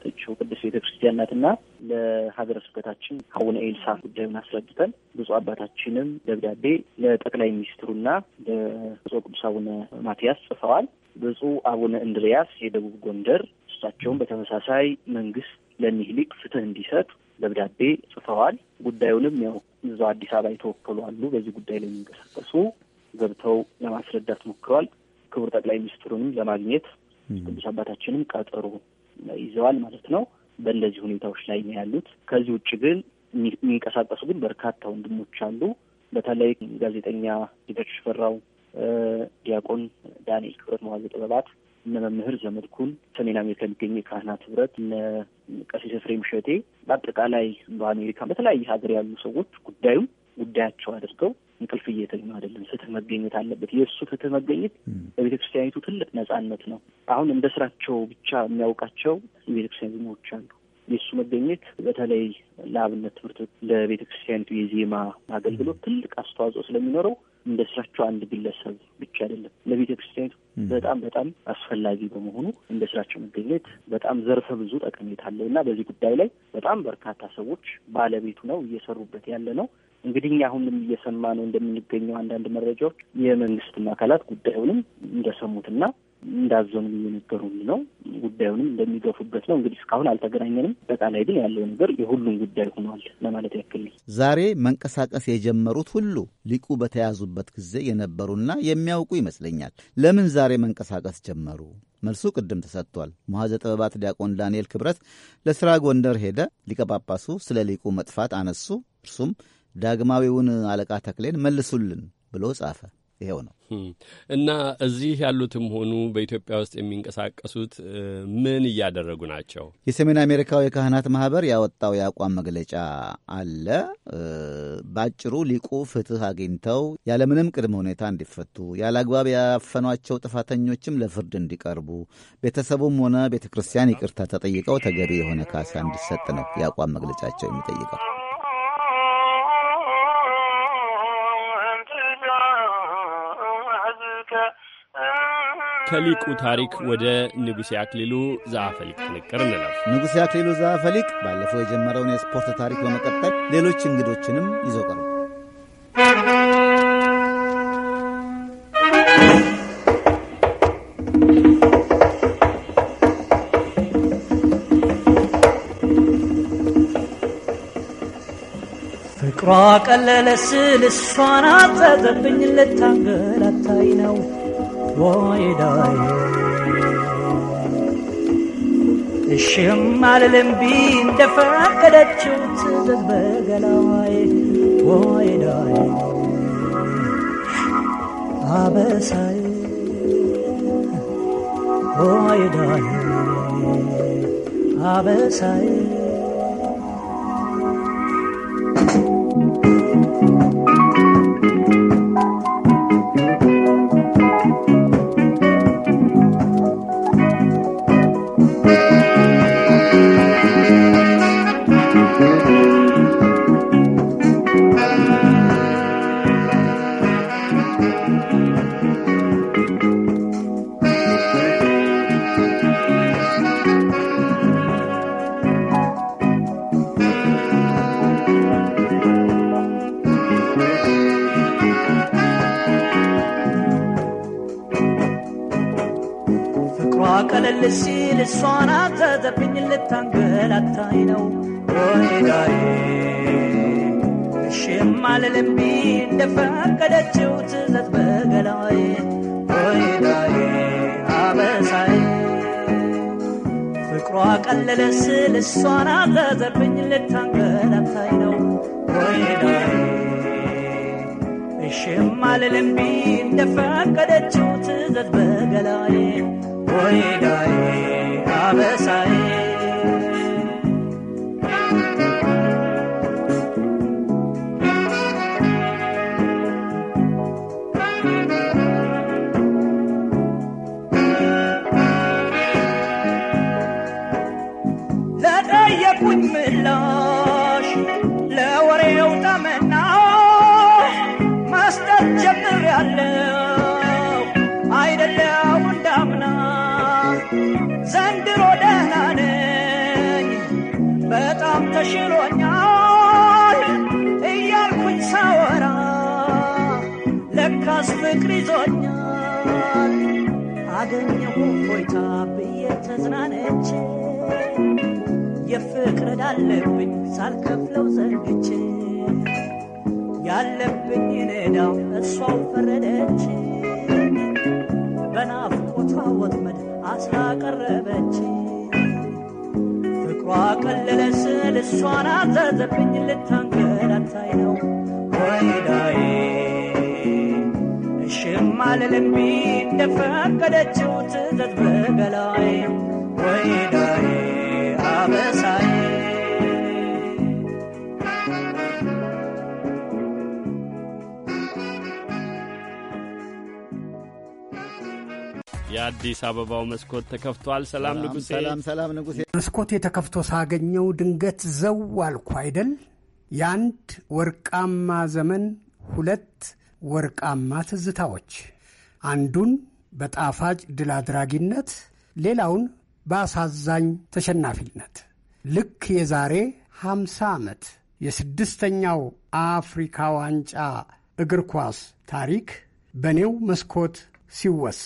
እችው ቅዱስ ቤተ ናትና ለሀገረ ስብከታችን አቡነ ኤልሳ ጉዳዩን አስረድተን ብፁዕ አባታችንም ደብዳቤ ለጠቅላይ ሚኒስትሩና ለብፁዕ ቅዱስ አቡነ ማትያስ ጽፈዋል። ብፁዕ አቡነ እንድሪያስ የደቡብ ጎንደር እሳቸውም በተመሳሳይ መንግስት ለኒህ ሊቅ ፍትህ እንዲሰጥ ደብዳቤ ጽፈዋል። ጉዳዩንም ያው እዛው አዲስ አበባ የተወከሉ አሉ፣ በዚህ ጉዳይ ላይ የሚንቀሳቀሱ ገብተው ለማስረዳት ሞክረዋል። ክቡር ጠቅላይ ሚኒስትሩንም ለማግኘት ቅዱስ አባታችንም ቀጠሮ ይዘዋል ማለት ነው። በእንደዚህ ሁኔታዎች ላይ ነው ያሉት። ከዚህ ውጭ ግን የሚንቀሳቀሱ ግን በርካታ ወንድሞች አሉ። በተለይ ጋዜጠኛ ጌታቸው ሽፈራው፣ ዲያቆን ዳንኤል ክብረት፣ መዋዘ ጥበባት እነ መምህር ዘመድኩን፣ ሰሜን አሜሪካ የሚገኙ የካህናት ህብረት እነ ቀሲስ ኤፍሬም ሸቴ፣ በአጠቃላይ በአሜሪካ በተለያየ ሀገር ያሉ ሰዎች ጉዳዩም ጉዳያቸው አድርገው እንቅልፍ እየተኙ አይደለም። ፍትህ መገኘት አለበት። የእሱ ፍትህ መገኘት በቤተ ክርስቲያኒቱ ትልቅ ነጻነት ነው። አሁን እንደ ስራቸው ብቻ የሚያውቃቸው የቤተ ክርስቲያን ዜማዎች አሉ። የእሱ መገኘት በተለይ ለአብነት ትምህርት ለቤተ ክርስቲያኒቱ የዜማ አገልግሎት ትልቅ አስተዋጽኦ ስለሚኖረው እንደ ስራቸው አንድ ግለሰብ ብቻ አይደለም፣ ለቤተ ክርስቲያኒቱ በጣም በጣም አስፈላጊ በመሆኑ እንደ ስራቸው መገኘት በጣም ዘርፈ ብዙ ጠቀሜታ አለው እና በዚህ ጉዳይ ላይ በጣም በርካታ ሰዎች ባለቤቱ ነው እየሰሩበት ያለ ነው። እንግዲህ አሁንም እየሰማ ነው እንደምንገኘው አንዳንድ መረጃዎች የመንግስትም አካላት ጉዳዩንም እንደሰሙትና እንዳዘኑም እየነገሩን ነው። ጉዳዩንም እንደሚገፉበት ነው። እንግዲህ እስካሁን አልተገናኘንም። በአጠቃላይ ግን ያለው ነገር የሁሉም ጉዳይ ሆኗል ለማለት ያክል ዛሬ መንቀሳቀስ የጀመሩት ሁሉ ሊቁ በተያዙበት ጊዜ የነበሩና የሚያውቁ ይመስለኛል። ለምን ዛሬ መንቀሳቀስ ጀመሩ? መልሱ ቅድም ተሰጥቷል። መሐዘ ጥበባት ዲያቆን ዳንኤል ክብረት ለስራ ጎንደር ሄደ። ሊቀ ጳጳሱ ስለ ሊቁ መጥፋት አነሱ። እርሱም ዳግማዊውን አለቃ ተክሌን መልሱልን ብሎ ጻፈ። ይኸው ነው እና እዚህ ያሉትም ሆኑ በኢትዮጵያ ውስጥ የሚንቀሳቀሱት ምን እያደረጉ ናቸው? የሰሜን አሜሪካው የካህናት ማህበር ያወጣው የአቋም መግለጫ አለ። በአጭሩ ሊቁ ፍትህ አግኝተው ያለምንም ቅድመ ሁኔታ እንዲፈቱ፣ ያለ አግባብ ያፈኗቸው ጥፋተኞችም ለፍርድ እንዲቀርቡ፣ ቤተሰቡም ሆነ ቤተ ክርስቲያን ይቅርታ ተጠይቀው ተገቢ የሆነ ካሳ እንዲሰጥ ነው የአቋም መግለጫቸው የሚጠይቀው። ከሊቁ ታሪክ ወደ ንጉሴ አክሊሉ ዘአፈሊቅ ጥንቅር እንለፍ። ንጉሴ አክሊሉ ዘአፈሊቅ ባለፈው የጀመረውን የስፖርት ታሪክ በመቀጠል ሌሎች እንግዶችንም ይዞ ቀርቡ። ፍቅሯ ቀለለ ስል እሷን ልታንገላታይ ነው وای እሽም አልልምቢ እንደፈቀደችው ትዘዝ በገላዋይ ወይ ዳይ አበሳይ ወይ ዳይ አበሳይ sought out. እሷን አዘዘብኝ ልታንገላታይ ነው ወይዳዬ እሽም አልልም እንደፈቀደችው ትዘዝ በገላዬ ወይዳ የአዲስ አበባው መስኮት ተከፍቷል። ሰላም ንጉሴ። ሰላም ሰላም ንጉሴ። መስኮቴ ተከፍቶ ሳገኘው ድንገት ዘው አልኩ አይደል? የአንድ ወርቃማ ዘመን ሁለት ወርቃማ ትዝታዎች፣ አንዱን በጣፋጭ ድል አድራጊነት፣ ሌላውን በአሳዛኝ ተሸናፊነት ልክ የዛሬ 50 ዓመት የስድስተኛው አፍሪካ ዋንጫ እግር ኳስ ታሪክ በእኔው መስኮት ሲወሳ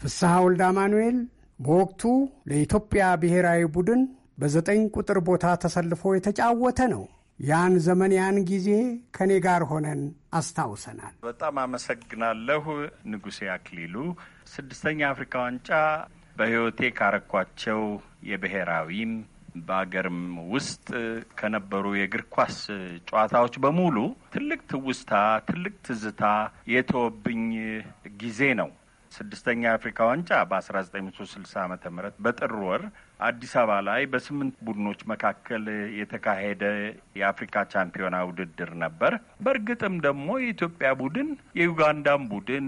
ፍስሐ ወልደ አማኑኤል በወቅቱ ለኢትዮጵያ ብሔራዊ ቡድን በዘጠኝ ቁጥር ቦታ ተሰልፎ የተጫወተ ነው። ያን ዘመን ያን ጊዜ ከእኔ ጋር ሆነን አስታውሰናል። በጣም አመሰግናለሁ ንጉሴ አክሊሉ። ስድስተኛ አፍሪካ ዋንጫ በሕይወቴ ካረኳቸው የብሔራዊም በአገርም ውስጥ ከነበሩ የእግር ኳስ ጨዋታዎች በሙሉ ትልቅ ትውስታ፣ ትልቅ ትዝታ የተወብኝ ጊዜ ነው። ስድስተኛ የአፍሪካ ዋንጫ በ1960 ዓ ም በጥር ወር አዲስ አበባ ላይ በስምንት ቡድኖች መካከል የተካሄደ የአፍሪካ ቻምፒዮና ውድድር ነበር። በእርግጥም ደግሞ የኢትዮጵያ ቡድን የዩጋንዳን ቡድን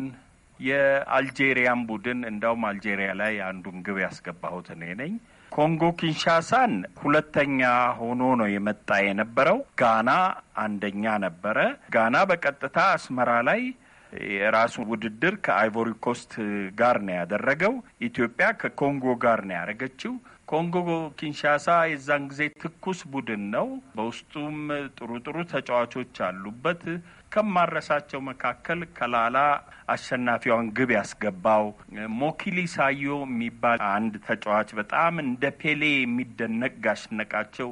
የአልጄሪያን ቡድን እንዳውም አልጄሪያ ላይ አንዱን ግብ ያስገባሁት እኔ ነኝ። ኮንጎ ኪንሻሳን ሁለተኛ ሆኖ ነው የመጣ የነበረው። ጋና አንደኛ ነበረ። ጋና በቀጥታ አስመራ ላይ የራሱ ውድድር ከአይቮሪ ኮስት ጋር ነው ያደረገው። ኢትዮጵያ ከኮንጎ ጋር ነው ያደረገችው። ኮንጎ ኪንሻሳ የዛን ጊዜ ትኩስ ቡድን ነው። በውስጡም ጥሩ ጥሩ ተጫዋቾች አሉበት። ከማረሳቸው መካከል ከላላ አሸናፊዋን ግብ ያስገባው ሞኪሊ ሳዮ የሚባል አንድ ተጫዋች በጣም እንደ ፔሌ የሚደነቅ ጋሽነቃቸው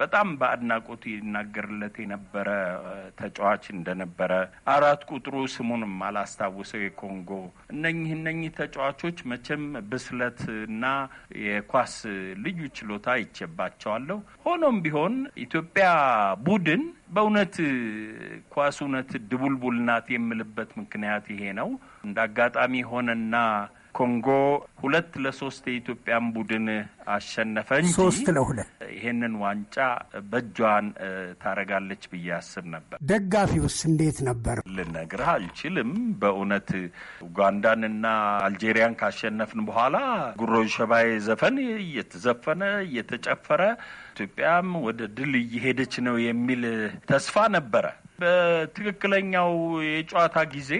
በጣም በአድናቆቱ ይናገርለት የነበረ ተጫዋች እንደነበረ አራት ቁጥሩ ስሙንም አላስታውሰው የኮንጎ እነኚህ እነኚህ ተጫዋቾች መቼም ብስለትና የኳስ ልዩ ችሎታ ይቸባቸዋለሁ። ሆኖም ቢሆን ኢትዮጵያ ቡድን በእውነት ኳስ እውነት ድቡልቡል ናት የምልበት ምክንያት ይሄ ነው። እንደ አጋጣሚ ሆነና ኮንጎ ሁለት ለሶስት የኢትዮጵያን ቡድን አሸነፈ እንጂ ሶስት ለሁለት ይሄንን ዋንጫ በእጇን ታረጋለች ብዬ አስብ ነበር። ደጋፊውስ እንዴት ነበር ልነግርህ አልችልም። በእውነት ኡጋንዳንና አልጄሪያን ካሸነፍን በኋላ ጉሮሸባዬ ዘፈን እየተዘፈነ እየተጨፈረ ኢትዮጵያም ወደ ድል እየሄደች ነው የሚል ተስፋ ነበረ። በትክክለኛው የጨዋታ ጊዜ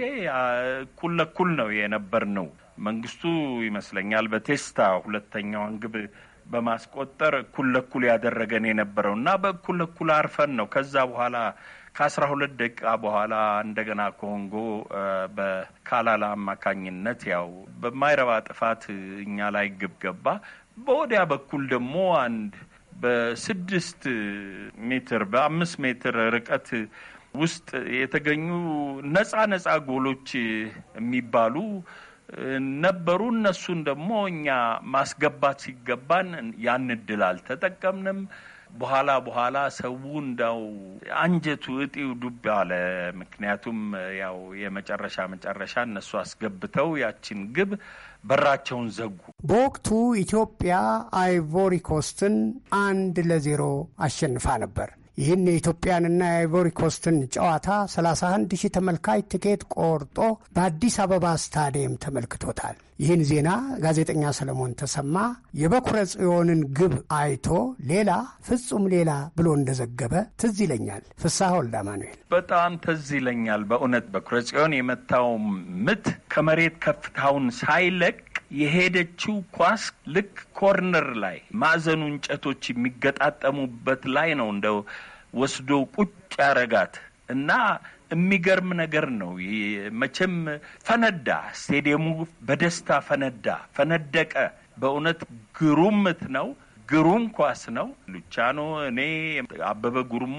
እኩል ለኩል ነው የነበር ነው። መንግስቱ ይመስለኛል በቴስታ ሁለተኛዋን ግብ በማስቆጠር እኩል ለኩል ያደረገን የነበረው እና በእኩል ለኩል አርፈን ነው ከዛ በኋላ ከአስራ ሁለት ደቂቃ በኋላ እንደገና ኮንጎ በካላላ አማካኝነት ያው በማይረባ ጥፋት እኛ ላይ ግብ ገባ። በወዲያ በኩል ደግሞ አንድ በስድስት ሜትር በአምስት ሜትር ርቀት ውስጥ የተገኙ ነጻ ነጻ ጎሎች የሚባሉ ነበሩ። እነሱን ደግሞ እኛ ማስገባት ሲገባን ያን እድል አልተጠቀምንም። በኋላ በኋላ ሰው እንዳው አንጀቱ እጢው ዱብ አለ። ምክንያቱም ያው የመጨረሻ መጨረሻ እነሱ አስገብተው ያችን ግብ በራቸውን ዘጉ። በወቅቱ ኢትዮጵያ አይቮሪኮስትን አንድ ለዜሮ አሸንፋ ነበር። ይህን የኢትዮጵያንና የአይቮሪኮስትን ጨዋታ 31 ሺህ ተመልካች ትኬት ቆርጦ በአዲስ አበባ ስታዲየም ተመልክቶታል። ይህን ዜና ጋዜጠኛ ሰለሞን ተሰማ የበኩረ ጽዮንን ግብ አይቶ ሌላ ፍጹም ሌላ ብሎ እንደዘገበ ትዝ ይለኛል። ፍስሐ ወልደ አማኑኤል በጣም ትዝ ይለኛል። በእውነት በኩረ ጽዮን የመታው ምት ከመሬት ከፍታውን ሳይለቅ የሄደችው ኳስ ልክ ኮርነር ላይ ማዕዘኑ እንጨቶች የሚገጣጠሙበት ላይ ነው እንደ ወስዶ ቁጭ ያረጋት እና የሚገርም ነገር ነው። መቼም ፈነዳ፣ ስቴዲየሙ በደስታ ፈነዳ፣ ፈነደቀ። በእውነት ግሩምት ነው። ግሩም ኳስ ነው። ሉቻኖ፣ እኔ፣ አበበ ጉርሞ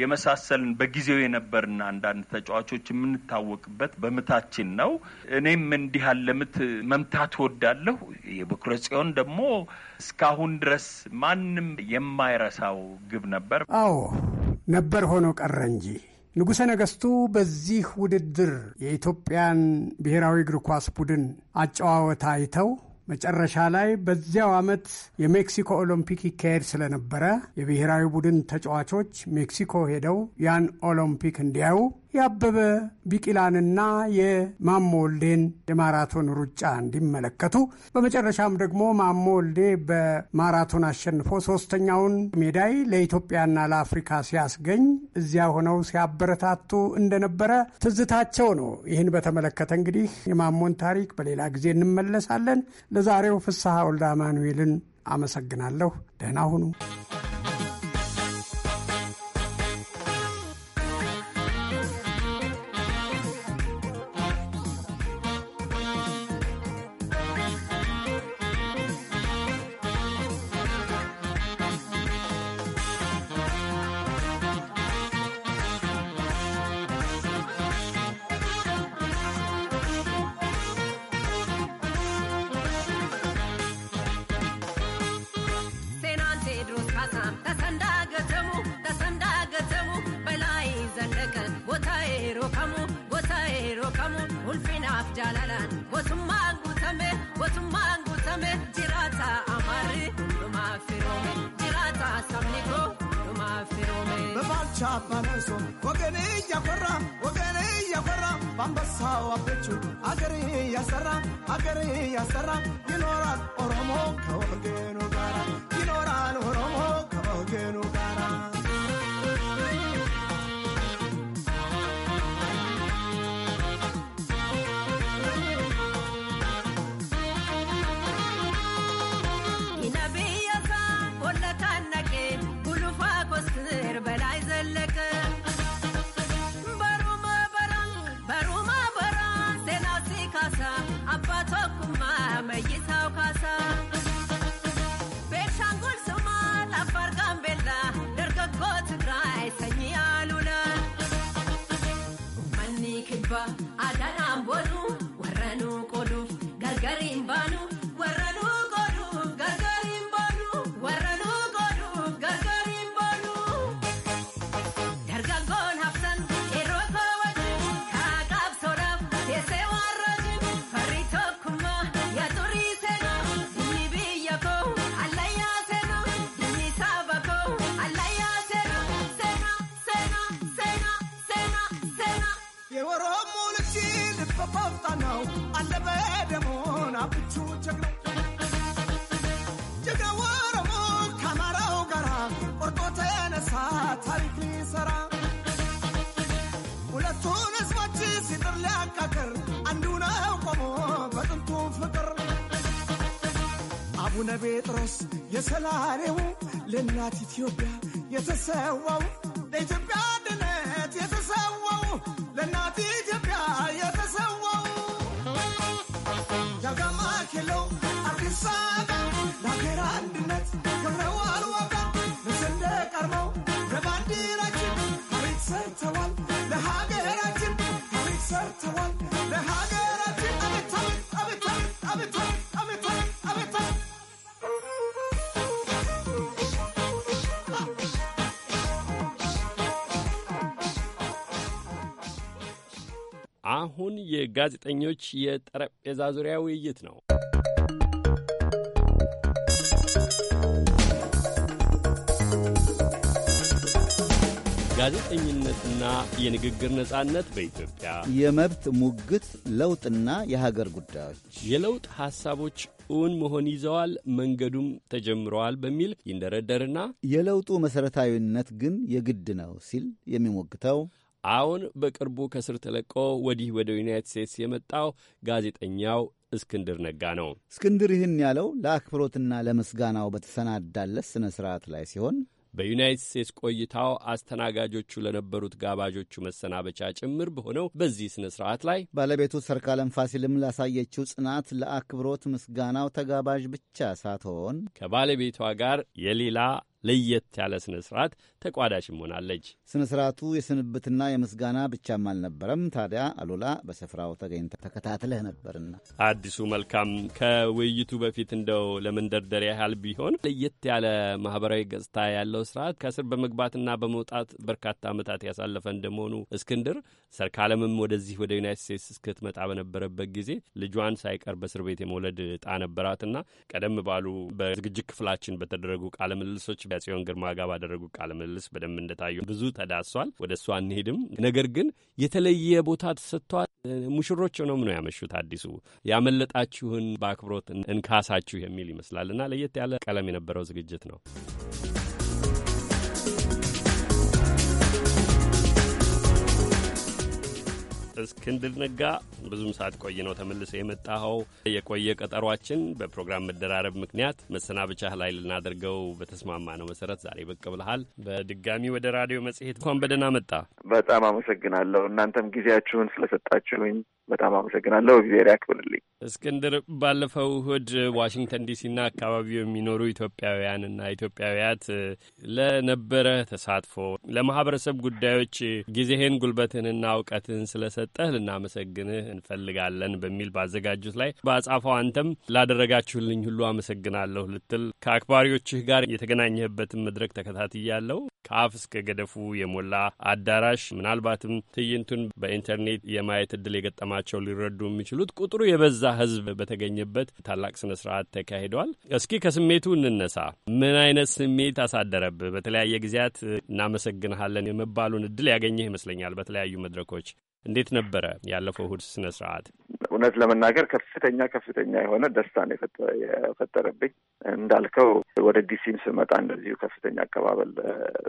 የመሳሰልን በጊዜው የነበርና አንዳንድ ተጫዋቾች የምንታወቅበት በምታችን ነው። እኔም እንዲህ ያለ ምት መምታት ወዳለሁ። የበኩረ ጽዮን ደግሞ እስካሁን ድረስ ማንም የማይረሳው ግብ ነበር። አዎ ነበር፣ ሆኖ ቀረ እንጂ ንጉሠ ነገሥቱ በዚህ ውድድር የኢትዮጵያን ብሔራዊ እግር ኳስ ቡድን አጨዋወት አይተው መጨረሻ ላይ በዚያው ዓመት የሜክሲኮ ኦሎምፒክ ይካሄድ ስለነበረ የብሔራዊ ቡድን ተጫዋቾች ሜክሲኮ ሄደው ያን ኦሎምፒክ እንዲያዩ የአበበ ቢቂላንና የማሞ ወልዴን የማራቶን ሩጫ እንዲመለከቱ በመጨረሻም ደግሞ ማሞ ወልዴ በማራቶን አሸንፎ ሶስተኛውን ሜዳይ ለኢትዮጵያና ለአፍሪካ ሲያስገኝ እዚያ ሆነው ሲያበረታቱ እንደነበረ ትዝታቸው ነው። ይህን በተመለከተ እንግዲህ የማሞን ታሪክ በሌላ ጊዜ እንመለሳለን። ለዛሬው ፍስሐ ወልደ አማኑኤልን አመሰግናለሁ። ደህና ሁኑ። ለጴጥሮስ የሰላሬው ለእናት ኢትዮጵያ የተሰዋው አሁን የጋዜጠኞች የጠረጴዛ ዙሪያ ውይይት ነው። ጋዜጠኝነትና የንግግር ነጻነት በኢትዮጵያ የመብት ሙግት፣ ለውጥና የሀገር ጉዳዮች የለውጥ ሐሳቦች እውን መሆን ይዘዋል፣ መንገዱም ተጀምረዋል በሚል ይንደረደርና የለውጡ መሠረታዊነት ግን የግድ ነው ሲል የሚሞግተው አሁን በቅርቡ ከስር ተለቆ ወዲህ ወደ ዩናይትድ ስቴትስ የመጣው ጋዜጠኛው እስክንድር ነጋ ነው። እስክንድር ይህን ያለው ለአክብሮትና ለምስጋናው በተሰናዳለት ስነ ስርዓት ላይ ሲሆን በዩናይትድ ስቴትስ ቆይታው አስተናጋጆቹ ለነበሩት ጋባዦቹ መሰናበቻ ጭምር በሆነው በዚህ ስነ ስርዓት ላይ ባለቤቱ ሰርካለም ፋሲልም ላሳየችው ጽናት ለአክብሮት ምስጋናው ተጋባዥ ብቻ ሳትሆን ከባለቤቷ ጋር የሌላ ለየት ያለ ስነ ስርዓት ተቋዳሽም ሆናለች። ስነ ስርዓቱ የስንብትና የምስጋና ብቻም አልነበረም። ታዲያ አሉላ በስፍራው ተገኝተ ተከታትለህ ነበርና አዲሱ መልካም፣ ከውይይቱ በፊት እንደው ለመንደርደሪያ ያህል ቢሆን ለየት ያለ ማህበራዊ ገጽታ ያለው ስርዓት ከስር በመግባትና በመውጣት በርካታ ዓመታት ያሳለፈ እንደመሆኑ እስክንድር ሰርካለምም ወደዚህ ወደ ዩናይት ስቴትስ እስክትመጣ በነበረበት ጊዜ ልጇን ሳይቀር በእስር ቤት የመውለድ ዕጣ ነበራትና ቀደም ባሉ በዝግጅት ክፍላችን በተደረጉ ቃለ ምልልሶች ጽዮን ግርማ ጋር ባደረጉ ቃለ ምልልስ በደንብ እንደታዩ ብዙ ተዳሷል። ወደ እሱ አንሄድም። ነገር ግን የተለየ ቦታ ተሰጥቷል። ሙሽሮች ሆነው ነው ያመሹት። አዲሱ ያመለጣችሁን በአክብሮት እንካሳችሁ የሚል ይመስላል እና ለየት ያለ ቀለም የነበረው ዝግጅት ነው። እስክንድር ነጋ ብዙም ሳትቆይ ነው ተመልሰ የመጣኸው። የቆየ ቀጠሯችን በፕሮግራም መደራረብ ምክንያት መሰናበቻህ ላይ ልናደርገው በተስማማ ነው መሰረት ዛሬ ብቅ ብልሃል። በድጋሚ ወደ ራዲዮ መጽሔት እንኳን በደህና መጣ። በጣም አመሰግናለሁ። እናንተም ጊዜያችሁን ስለሰጣችሁኝ በጣም አመሰግናለሁ። እግዚአብሔር ያክብርልኝ። እስክንድር ባለፈው እሁድ ዋሽንግተን ዲሲና አካባቢው የሚኖሩ ኢትዮጵያውያንና ኢትዮጵያውያት ለነበረ ተሳትፎ ለማህበረሰብ ጉዳዮች ጊዜህን ጉልበትህንና እውቀትህን ስለሰጠህ ልናመሰግንህ እንፈልጋለን በሚል ባዘጋጁት ላይ በአጻፋው አንተም ላደረጋችሁልኝ ሁሉ አመሰግናለሁ ልትል ከአክባሪዎችህ ጋር የተገናኘህበትን መድረክ ተከታትያለሁ። ከአፍ እስከ ገደፉ የሞላ አዳራሽ ምናልባትም ትዕይንቱን በኢንተርኔት የማየት እድል የገጠማቸው ሊረዱ የሚችሉት ቁጥሩ የበዛ ሕዝብ በተገኘበት ታላቅ ስነ ስርዓት ተካሂደዋል። እስኪ ከስሜቱ እንነሳ። ምን አይነት ስሜት አሳደረብህ? በተለያየ ጊዜያት እናመሰግንሃለን የመባሉን እድል ያገኘህ ይመስለኛል በተለያዩ መድረኮች እንዴት ነበረ ያለፈው እሁድ ስነ ስርዓት? እውነት ለመናገር ከፍተኛ ከፍተኛ የሆነ ነው የፈጠረብኝ እንዳልከው ወደ ዲሲም ስመጣ እንደዚሁ ከፍተኛ አቀባበል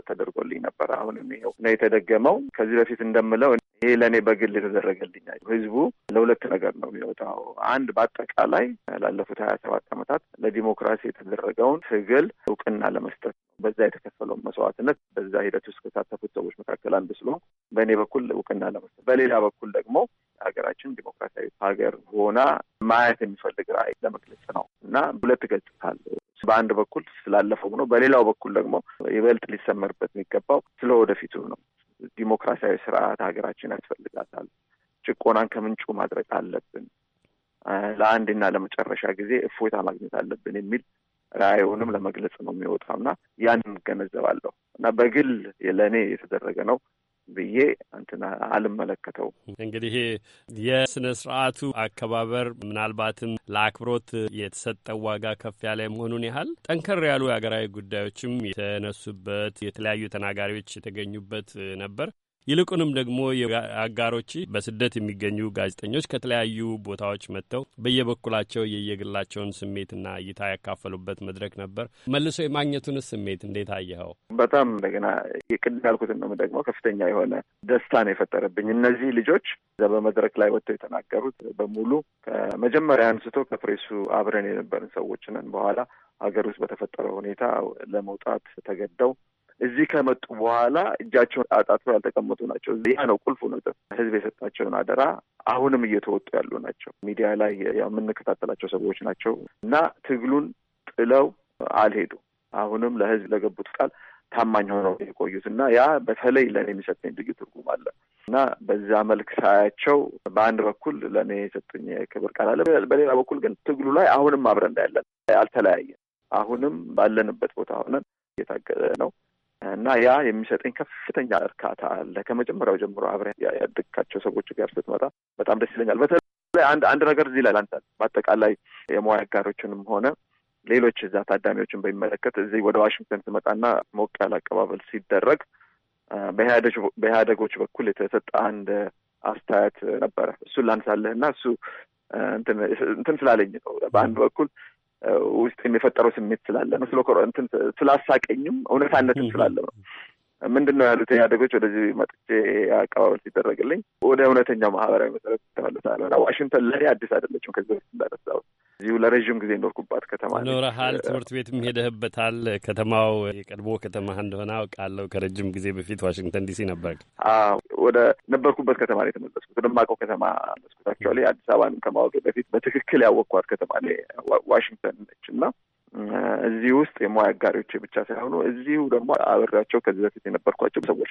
ተደርጎልኝ ነበረ አሁንም ይኸው ነው የተደገመው። ከዚህ በፊት እንደምለው ይሄ ለእኔ በግል የተደረገልኝ ህዝቡ ለሁለት ነገር ነው የሚወጣው። አንድ በአጠቃላይ ላለፉት ሀያ ሰባት ዓመታት ለዲሞክራሲ የተደረገውን ትግል እውቅና ለመስጠት ነው። በዛ የተከፈለውን መስዋዕትነት በዛ ሂደት ውስጥ ከተሳተፉት ሰዎች መካከል አንዱ ስለሆን በእኔ በኩል እውቅና ለመስጠት፣ በሌላ በኩል ደግሞ ሀገራችን ዲሞክራሲያዊ ሀገር ሆና ማየት የሚፈልግ ራዕይ ለመግለጽ ነው እና ሁለት ገጽታ አለው። በአንድ በኩል ስላለፈው ነው፣ በሌላው በኩል ደግሞ ይበልጥ ሊሰመርበት የሚገባው ስለ ወደፊቱ ነው። ዲሞክራሲያዊ ስርዓት ሀገራችን ያስፈልጋታል። ጭቆናን ከምንጩ ማድረግ አለብን። ለአንድና ለመጨረሻ ጊዜ እፎይታ ማግኘት አለብን የሚል ራዕዩንም ለመግለጽ ነው የሚወጣው እና ያን እገነዘባለሁ እና በግል ለእኔ የተደረገ ነው። ብዬ እንትን አልመለከተው። እንግዲህ የስነ ስርዓቱ አከባበር ምናልባትም ለአክብሮት የተሰጠው ዋጋ ከፍ ያለ መሆኑን ያህል ጠንከር ያሉ የሀገራዊ ጉዳዮችም የተነሱበት የተለያዩ ተናጋሪዎች የተገኙበት ነበር። ይልቁንም ደግሞ አጋሮች በስደት የሚገኙ ጋዜጠኞች ከተለያዩ ቦታዎች መጥተው በየበኩላቸው የየግላቸውን ስሜትና እይታ ያካፈሉበት መድረክ ነበር። መልሶ የማግኘቱን ስሜት እንዴት አየኸው? በጣም እንደገና የቅድም ያልኩትን ነው ደግሞ ከፍተኛ የሆነ ነው የፈጠረብኝ እነዚህ ልጆች በመድረክ ላይ ወጥተው የተናገሩት በሙሉ ከመጀመሪያ አንስቶ ከፕሬሱ አብረን የነበርን ሰዎች ነን። በኋላ ሀገር ውስጥ በተፈጠረው ሁኔታ ለመውጣት ተገደው እዚህ ከመጡ በኋላ እጃቸውን አጣጥፈው ያልተቀመጡ ናቸው። ያ ነው ቁልፉ ነገር። ህዝብ የሰጣቸውን አደራ አሁንም እየተወጡ ያሉ ናቸው። ሚዲያ ላይ የምንከታተላቸው ሰዎች ናቸው እና ትግሉን ጥለው አልሄዱም። አሁንም ለህዝብ ለገቡት ቃል ታማኝ ሆነው የቆዩት እና ያ በተለይ ለእኔ የሚሰጠኝ ልዩ ትርጉም አለ እና በዛ መልክ ሳያቸው በአንድ በኩል ለእኔ የሰጠኝ ክብር ቃል አለ፣ በሌላ በኩል ግን ትግሉ ላይ አሁንም አብረን እንዳያለን አልተለያየን። አሁንም ባለንበት ቦታ ሆነን እየታገለ ነው እና ያ የሚሰጠኝ ከፍተኛ እርካታ አለ። ከመጀመሪያው ጀምሮ አብረ ያደግካቸው ሰዎች ጋር ስትመጣ በጣም ደስ ይለኛል። በተለይ አንድ አንድ ነገር እዚህ ላይ ላንተ በአጠቃላይ የሙያ አጋሮችንም ሆነ ሌሎች እዛ ታዳሚዎችን በሚመለከት እዚህ ወደ ዋሽንግተን ስመጣና ሞቅ ያለ አቀባበል ሲደረግ በኢህአደጎች በኩል የተሰጠ አንድ አስተያየት ነበረ። እሱን ላንሳለህ እና እሱ እንትን ስላለኝ ነው። በአንድ በኩል ውስጥ የሚፈጠረው ስሜት ስላለ ነው። ስለኮረንትን ስላሳቀኝም እውነታነትም ስላለ ነው። ምንድን ነው ያሉት ኢህአዴጎች ወደዚህ መጥቼ አቀባበል ሲደረግልኝ ወደ እውነተኛው ማህበራዊ መሰረት ተመልሳለሁ ዋሽንግተን ለእኔ አዲስ አይደለችም። ከዚህ በፊት እንዳነሳሁት እዚሁ ለረዥም ጊዜ ኖርኩባት ከተማ ኖረሃል። ትምህርት ቤትም ሄደህበታል። ከተማው የቀድሞ ከተማ እንደሆነ አውቃለሁ። ከረጅም ጊዜ በፊት ዋሽንግተን ዲሲ ነበር። ወደ ነበርኩበት ከተማ ነው የተመለስኩት። ወደማውቀው ከተማ መለስኩት። አክቹዋሊ አዲስ አበባን ከማወቅ በፊት በትክክል ያወቅኳት ከተማ ዋሽንግተን ነች እና እዚህ ውስጥ የሙያ አጋሪዎች ብቻ ሳይሆኑ እዚሁ ደግሞ አብሬያቸው ከዚህ በፊት የነበርኳቸው ሰዎች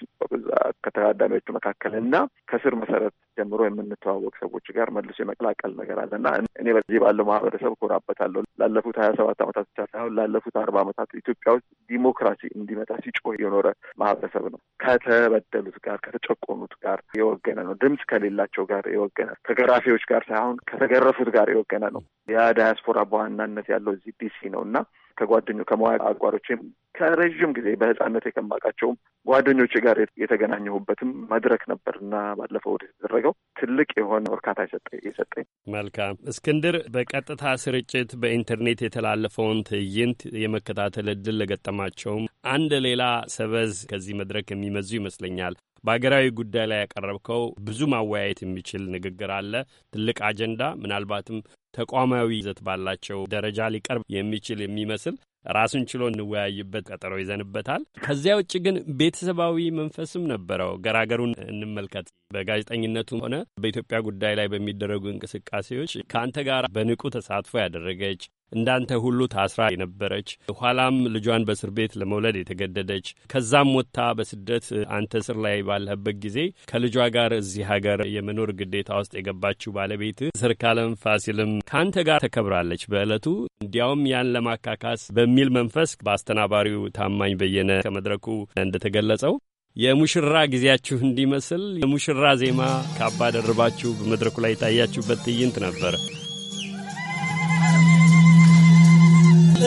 ከተዳዳሚዎቹ መካከል እና ከስር መሰረት ጀምሮ የምንተዋወቅ ሰዎች ጋር መልሶ የመቀላቀል ነገር አለ እና እኔ በዚህ ባለው ማህበረሰብ ኮራበታለሁ። ላለፉት ሀያ ሰባት ዓመታት ብቻ ሳይሆን ላለፉት አርባ ዓመታት ኢትዮጵያ ውስጥ ዲሞክራሲ እንዲመጣ ሲጮህ የኖረ ማህበረሰብ ነው። ከተበደሉት ጋር፣ ከተጨቆኑት ጋር የወገነ ነው። ድምፅ ከሌላቸው ጋር የወገነ ከገራፊዎች ጋር ሳይሆን ከተገረፉት ጋር የወገነ ነው። ያ ዳያስፖራ በዋናነት ያለው እዚህ ዲሲ ነው። እና ከጓደኞ ከመዋያ አጓሮቼም ከረዥም ጊዜ በህፃነት ከማውቃቸው ጓደኞቼ ጋር የተገናኘሁበትም መድረክ ነበር እና ባለፈው ወደ የተደረገው ትልቅ የሆነ እርካታ የሰጠኝ። መልካም እስክንድር፣ በቀጥታ ስርጭት በኢንተርኔት የተላለፈውን ትዕይንት የመከታተል እድል ለገጠማቸውም አንድ ሌላ ሰበዝ ከዚህ መድረክ የሚመዙ ይመስለኛል። በሀገራዊ ጉዳይ ላይ ያቀረብከው ብዙ ማወያየት የሚችል ንግግር አለ። ትልቅ አጀንዳ ምናልባትም ተቋማዊ ይዘት ባላቸው ደረጃ ሊቀርብ የሚችል የሚመስል ራሱን ችሎ እንወያይበት ቀጠሮ ይዘንበታል። ከዚያ ውጭ ግን ቤተሰባዊ መንፈስም ነበረው። ገራገሩን እንመልከት። በጋዜጠኝነቱ ሆነ በኢትዮጵያ ጉዳይ ላይ በሚደረጉ እንቅስቃሴዎች ከአንተ ጋር በንቁ ተሳትፎ ያደረገች እንዳንተ ሁሉ ታስራ የነበረች ኋላም ልጇን በእስር ቤት ለመውለድ የተገደደች ከዛም ወጥታ በስደት አንተ ስር ላይ ባለህበት ጊዜ ከልጇ ጋር እዚህ ሀገር የመኖር ግዴታ ውስጥ የገባችው ባለቤት ሰርካለም ፋሲልም ከአንተ ጋር ተከብራለች በዕለቱ። እንዲያውም ያን ለማካካስ በሚል መንፈስ በአስተናባሪው ታማኝ በየነ ከመድረኩ እንደተገለጸው የሙሽራ ጊዜያችሁ እንዲመስል የሙሽራ ዜማ ካባ ደርባችሁ በመድረኩ ላይ የታያችሁበት ትዕይንት ነበር።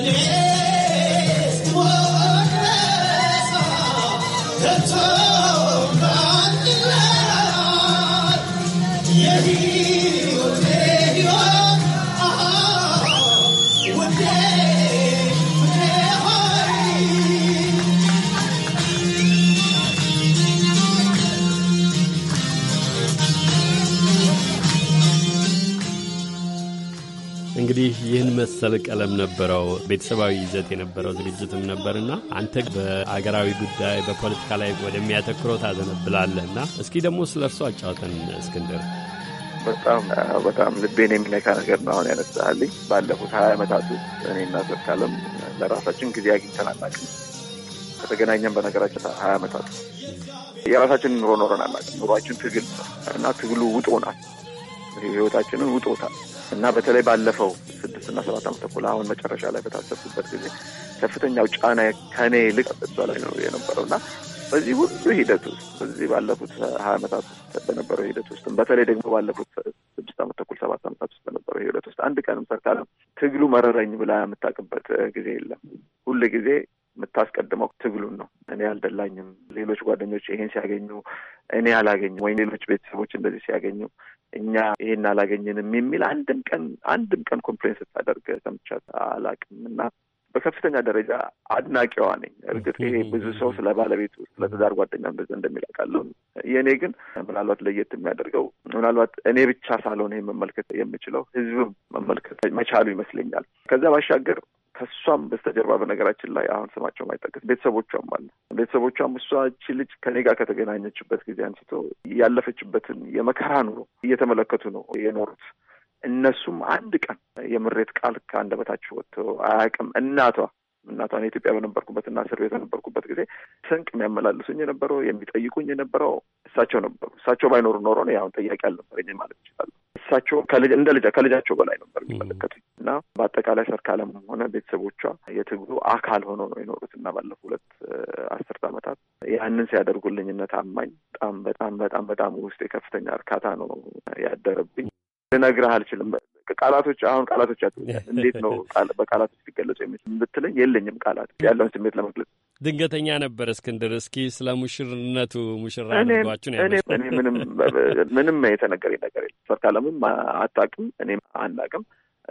Anyway. እንግዲህ ይህን መሰል ቀለም ነበረው፣ ቤተሰባዊ ይዘት የነበረው ዝግጅትም ነበርና አንተ በአገራዊ ጉዳይ በፖለቲካ ላይ ወደሚያተኩረው ታዘነብላለህ እና እስኪ ደግሞ ስለ እርሱ አጫውተን እስክንድር። በጣም በጣም ልቤን የሚነካ ነገር ነው አሁን ያነሳልኝ። ባለፉት ሀያ ዓመታት ውስጥ እኔና ዘካለም ለራሳችን ጊዜ አግኝተን አናውቅም። ከተገናኘን በነገራችን ሀያ ዓመታት የራሳችን ኑሮ ኖረን አናውቅም። ኑሯችን ትግል እና ትግሉ ውጦናል፣ ህይወታችንን ውጦታል እና በተለይ ባለፈው ስድስት እና ሰባት ዓመት ተኩል አሁን መጨረሻ ላይ በታሰብኩበት ጊዜ ከፍተኛው ጫና ከኔ ይልቅ እሷ ላይ ነው የነበረው እና በዚህ ሁሉ ሂደት ውስጥ በዚህ ባለፉት ሀያ ዓመታት ውስጥ በነበረው ሂደት ውስጥ በተለይ ደግሞ ባለፉት ስድስት ዓመት ተኩል ሰባት ዓመታት ውስጥ በነበረው ሂደት ውስጥ አንድ ቀንም ሰርታለ ትግሉ መረረኝ ብላ የምታውቅበት ጊዜ የለም። ሁል ጊዜ የምታስቀድመው ትግሉን ነው። እኔ አልደላኝም፣ ሌሎች ጓደኞች ይሄን ሲያገኙ እኔ አላገኝም፣ ወይም ሌሎች ቤተሰቦች እንደዚህ ሲያገኙ እኛ ይሄን አላገኘንም የሚል አንድም ቀን አንድም ቀን ኮምፕሌን ስታደርግ ሰምቻት አላውቅም እና በከፍተኛ ደረጃ አድናቂዋ ነኝ። እርግጥ ይሄ ብዙ ሰው ስለ ባለቤቱ ስለ ትዳር ጓደኛ እንደዚ እንደሚላቃለሁ የእኔ ግን ምናልባት ለየት የሚያደርገው ምናልባት እኔ ብቻ ሳልሆን ይሄ መመልከት የምችለው ህዝብም መመልከት መቻሉ ይመስለኛል። ከዚያ ባሻገር ከእሷም በስተጀርባ በነገራችን ላይ አሁን ስማቸው ማይጠቀስ ቤተሰቦቿም አለ። ቤተሰቦቿም እሷ እቺ ልጅ ከኔ ጋር ከተገናኘችበት ጊዜ አንስቶ ያለፈችበትን የመከራ ኑሮ እየተመለከቱ ነው የኖሩት። እነሱም አንድ ቀን የምሬት ቃል ከአንደበታቸው ወጥቶ አያውቅም። እናቷ እናቷን እኔ ኢትዮጵያ በነበርኩበት እና እስር ቤት በነበርኩበት ጊዜ ስንቅ የሚያመላልሱኝ የነበረው የሚጠይቁኝ የነበረው እሳቸው ነበሩ። እሳቸው ባይኖሩ ኖሮ ነው አሁን ጠያቂ አልነበረኝ ማለት ይችላሉ። እሳቸው እንደ ልጃ ከልጃቸው በላይ ነበር የሚመለከቱኝ። እና በአጠቃላይ ሰርካለም ሆነ ቤተሰቦቿ የትግሉ አካል ሆኖ ነው የኖሩት እና ባለፉት ሁለት አስርት አመታት ያንን ሲያደርጉልኝ እነ ታማኝ በጣም በጣም በጣም በጣም ውስጥ የከፍተኛ እርካታ ነው ያደረብኝ። ልነግርህ አልችልም። ቃላቶች አሁን ቃላቶች ያ እንዴት ነው በቃላቶች ሊገለጹ የሚችል ብትለኝ የለኝም ቃላት ያለውን ስሜት ለመግለጽ ድንገተኛ ነበር። እስክንድር እስኪ ስለ ሙሽርነቱ ሙሽራ አድርጓችሁ ነው ምንም ምንም የተነገረኝ ነገር የለም። ሰርካለምም አታውቅም እኔም አናውቅም።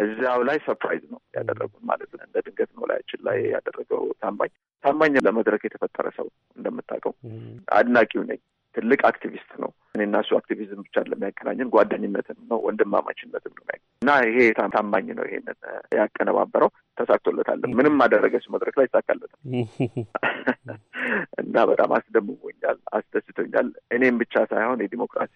እዚያው ላይ ሰርፕራይዝ ነው ያደረጉ ማለት ነው። እንደ ድንገት ነው ላያችን ላይ ያደረገው። ታማኝ ታማኝ ለመድረክ የተፈጠረ ሰው እንደምታውቀው አድናቂው ነኝ። ትልቅ አክቲቪስት ነው። እኔና እሱ አክቲቪዝም ብቻ ለሚያገናኝን ጓደኝነትም ነው ወንድማማችነትም ነው እና ይሄ ታማኝ ነው ይሄንን ያቀነባበረው ተሳክቶለታል። ምንም አደረገች መድረክ ላይ ይሳካለታል እና በጣም አስደምሞኛል፣ አስደስቶኛል። እኔም ብቻ ሳይሆን የዲሞክራሲ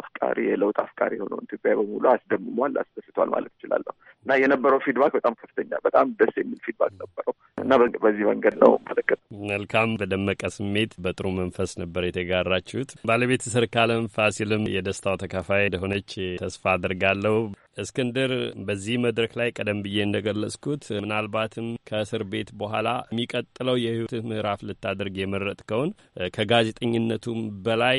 አፍቃሪ የለውጥ አፍቃሪ የሆነውን ኢትዮጵያ በሙሉ አስደምሟል፣ አስደስቷል ማለት እችላለሁ። እና የነበረው ፊድባክ በጣም ከፍተኛ በጣም ደስ የሚል ፊድባክ ነበረው እና በዚህ መንገድ ነው መለከት መልካም በደመቀ ስሜት በጥሩ መንፈስ ነበር የተጋራችሁት ባለቤት ስር ዘላለም ፋሲልም የደስታው ተካፋይ እንደሆነች ተስፋ አድርጋለሁ። እስክንድር በዚህ መድረክ ላይ ቀደም ብዬ እንደገለጽኩት ምናልባትም ከእስር ቤት በኋላ የሚቀጥለው የህይወት ምዕራፍ ልታደርግ የመረጥከውን ከጋዜጠኝነቱም በላይ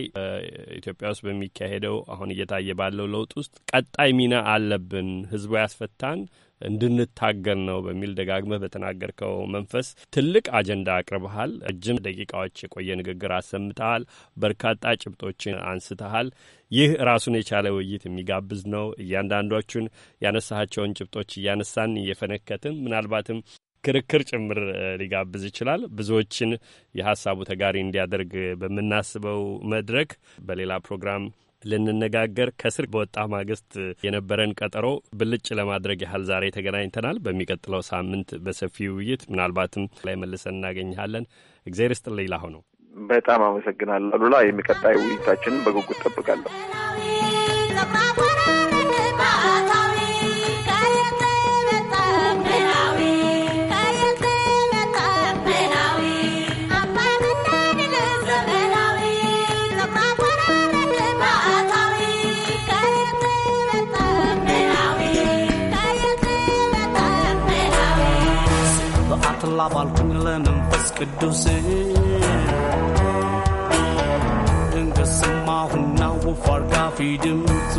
ኢትዮጵያ ውስጥ በሚካሄደው አሁን እየታየ ባለው ለውጥ ውስጥ ቀጣይ ሚና አለብን፣ ህዝቡ ያስፈታን እንድንታገል ነው በሚል ደጋግመህ በተናገርከው መንፈስ ትልቅ አጀንዳ አቅርበሃል። ረጅም ደቂቃዎች የቆየ ንግግር አሰምተሃል። በርካታ ጭብጦችን አንስተሃል። ይህ ራሱን የቻለ ውይይት የሚጋብዝ ነው። እያንዳንዶቹን ያነሳሃቸውን ጭብጦች እያነሳን እየፈነከትን ምናልባትም ክርክር ጭምር ሊጋብዝ ይችላል። ብዙዎችን የሀሳቡ ተጋሪ እንዲያደርግ በምናስበው መድረክ በሌላ ፕሮግራም ልንነጋገር ከስር በወጣ ማግስት የነበረን ቀጠሮ ብልጭ ለማድረግ ያህል ዛሬ ተገናኝተናል። በሚቀጥለው ሳምንት በሰፊ ውይይት ምናልባትም ላይ መልሰን እናገኝሃለን። እግዚአብሔር ይስጥልኝ። ላሁኑ በጣም አመሰግናለሁ አሉላ። የሚቀጣይ ውይይታችንን በጉጉት ጠብቃለሁ። ስላባልኩኝ ለመንፈስ ቅዱስ ድንገት ሰማሁና ወፍ አርጋፊ ድምፅ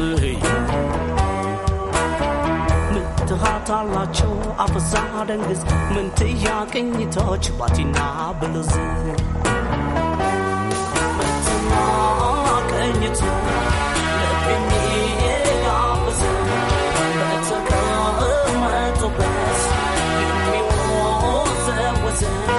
ምትሃት አላቸው አፈዛ ደንግዝ ምንትያ ቅኝቶች ባቲና ብልዝ ምትና ቅኝቶ time.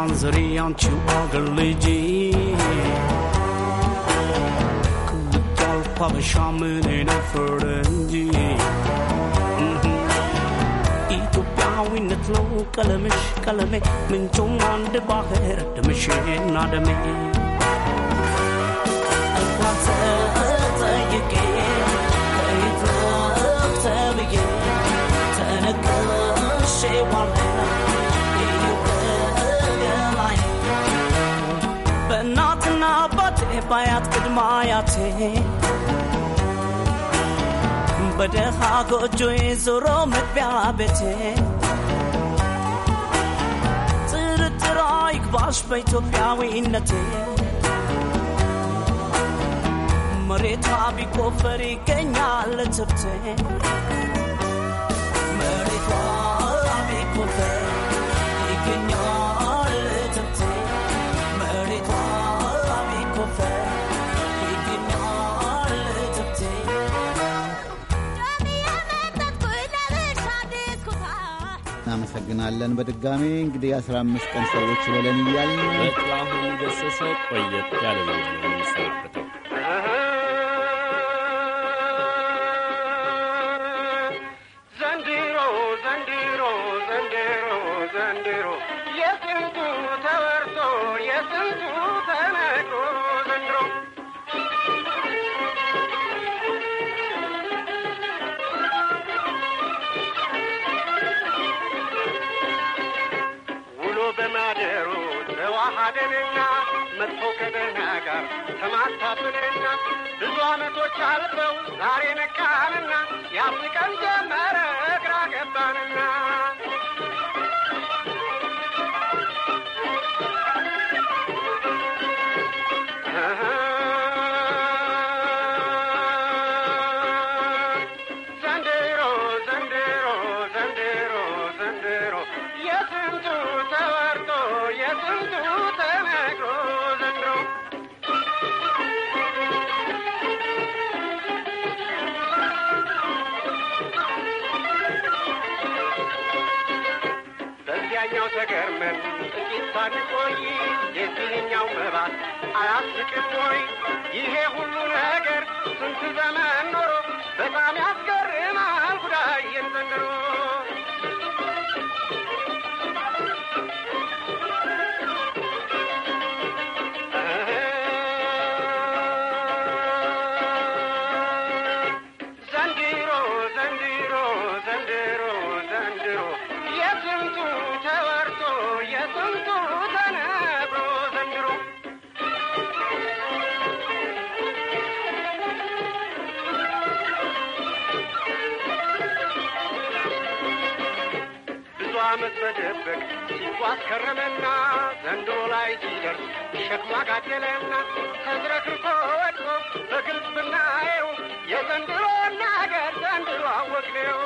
manzeri on two ugly Kutal pavishamun in a ferengi mm-hmm. Itu pyawin at low kalamish kalame Mintum on the bahir at the machine not a me I'm gonna say one more. አባያት ቅድመ አያቴ በደሃ ጎጆ ዞሮ መግቢያ ቤቴ ጥርጥር ይግባሽ በኢትዮጵያዊነቴ መሬቷ ቢቆፈር ይገኛል ትብቴ መሬቷ ቢቆፈር ይገኛል እናመሰግናለን። በድጋሜ እንግዲህ 15 ቀን ሰዎች በለን እያልን በጣም ገሰሰ ቆየት ያለ ነው። አልበው ዛሬ ነቃንና ያስቀን ጀመረ ስቅንጦይ ይሄ ሁሉ ነገር ስንት ዘመን ኖሮ በጣም ያስገርማል ጉዳይ የንዘንድሮ ሲጫወት በድብቅ ሲጓዝ ከረመና ዘንዶ ላይ ሲደርስ ሸክማ ጋደለና ተዝረክርኮ ወድቆ በግልጽ ብናየው የዘንድሮን ነገር ዘንድሮ አወቅነው።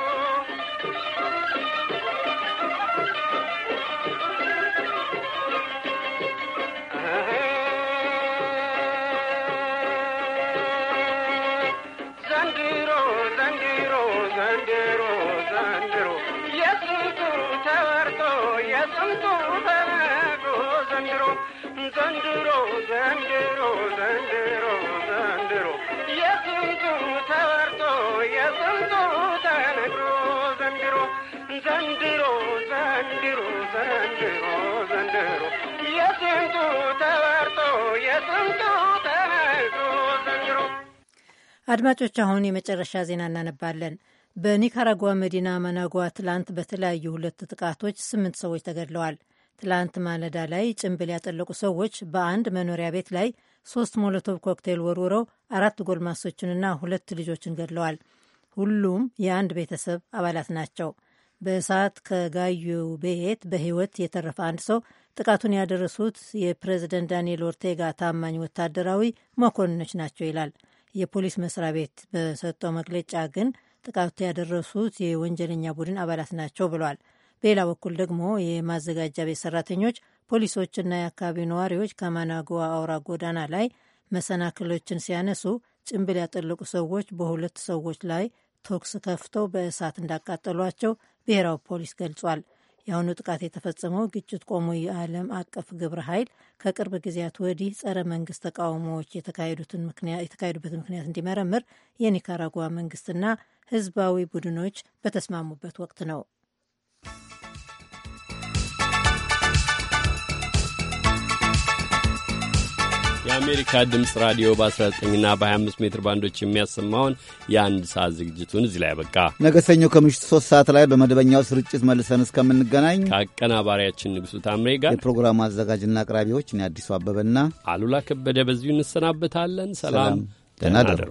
ተቀምጦ ዘንድሮ ዘንድሮ ዘንድሮ ዘንድሮ ዘንድሮ የስንቱ ተወርቶ የስንቱ ተነግሮ ዘንድሮ ዘንድሮ ዘንድሮ ዘንድሮ ዘንድሮ የስንቱ ተወርቶ የስንቱ ተነግሮ ዘንድሮ። አድማጮች አሁን የመጨረሻ ዜና እናነባለን። በኒካራጓ መዲና መናጓ ትላንት በተለያዩ ሁለት ጥቃቶች ስምንት ሰዎች ተገድለዋል። ትላንት ማለዳ ላይ ጭንብል ያጠለቁ ሰዎች በአንድ መኖሪያ ቤት ላይ ሶስት ሞለቶብ ኮክቴል ወርውረው አራት ጎልማሶችንና ሁለት ልጆችን ገድለዋል። ሁሉም የአንድ ቤተሰብ አባላት ናቸው። በእሳት ከጋዩ ቤት በሕይወት የተረፈ አንድ ሰው ጥቃቱን ያደረሱት የፕሬዝደንት ዳንኤል ኦርቴጋ ታማኝ ወታደራዊ መኮንኖች ናቸው ይላል። የፖሊስ መስሪያ ቤት በሰጠው መግለጫ ግን ጥቃቱ ያደረሱት የወንጀለኛ ቡድን አባላት ናቸው ብሏል። በሌላ በኩል ደግሞ የማዘጋጃ ቤት ሰራተኞች፣ ፖሊሶችና የአካባቢው ነዋሪዎች ከማናጎዋ አውራ ጎዳና ላይ መሰናክሎችን ሲያነሱ ጭንብል ያጠለቁ ሰዎች በሁለት ሰዎች ላይ ተኩስ ከፍተው በእሳት እንዳቃጠሏቸው ብሔራዊ ፖሊስ ገልጿል። የአሁኑ ጥቃት የተፈጸመው ግጭት ቆሞ የዓለም አቀፍ ግብረ ኃይል ከቅርብ ጊዜያት ወዲህ ጸረ መንግስት ተቃውሞዎች የተካሄዱበትን ምክንያት እንዲመረምር የኒካራጓ መንግስትና ህዝባዊ ቡድኖች በተስማሙበት ወቅት ነው። የአሜሪካ ድምፅ ራዲዮ በ19ና በ25 ሜትር ባንዶች የሚያሰማውን የአንድ ሰዓት ዝግጅቱን እዚህ ላይ ያበቃ። ነገ ሰኞ ከምሽቱ ሶስት ሰዓት ላይ በመደበኛው ስርጭት መልሰን እስከምንገናኝ ከአቀናባሪያችን ንጉሱ ታምሬ ጋር የፕሮግራሙ አዘጋጅና አቅራቢዎች እኔ አዲሱ አበበና አሉላ ከበደ በዚሁ እንሰናበታለን። ሰላም ተናደሩ።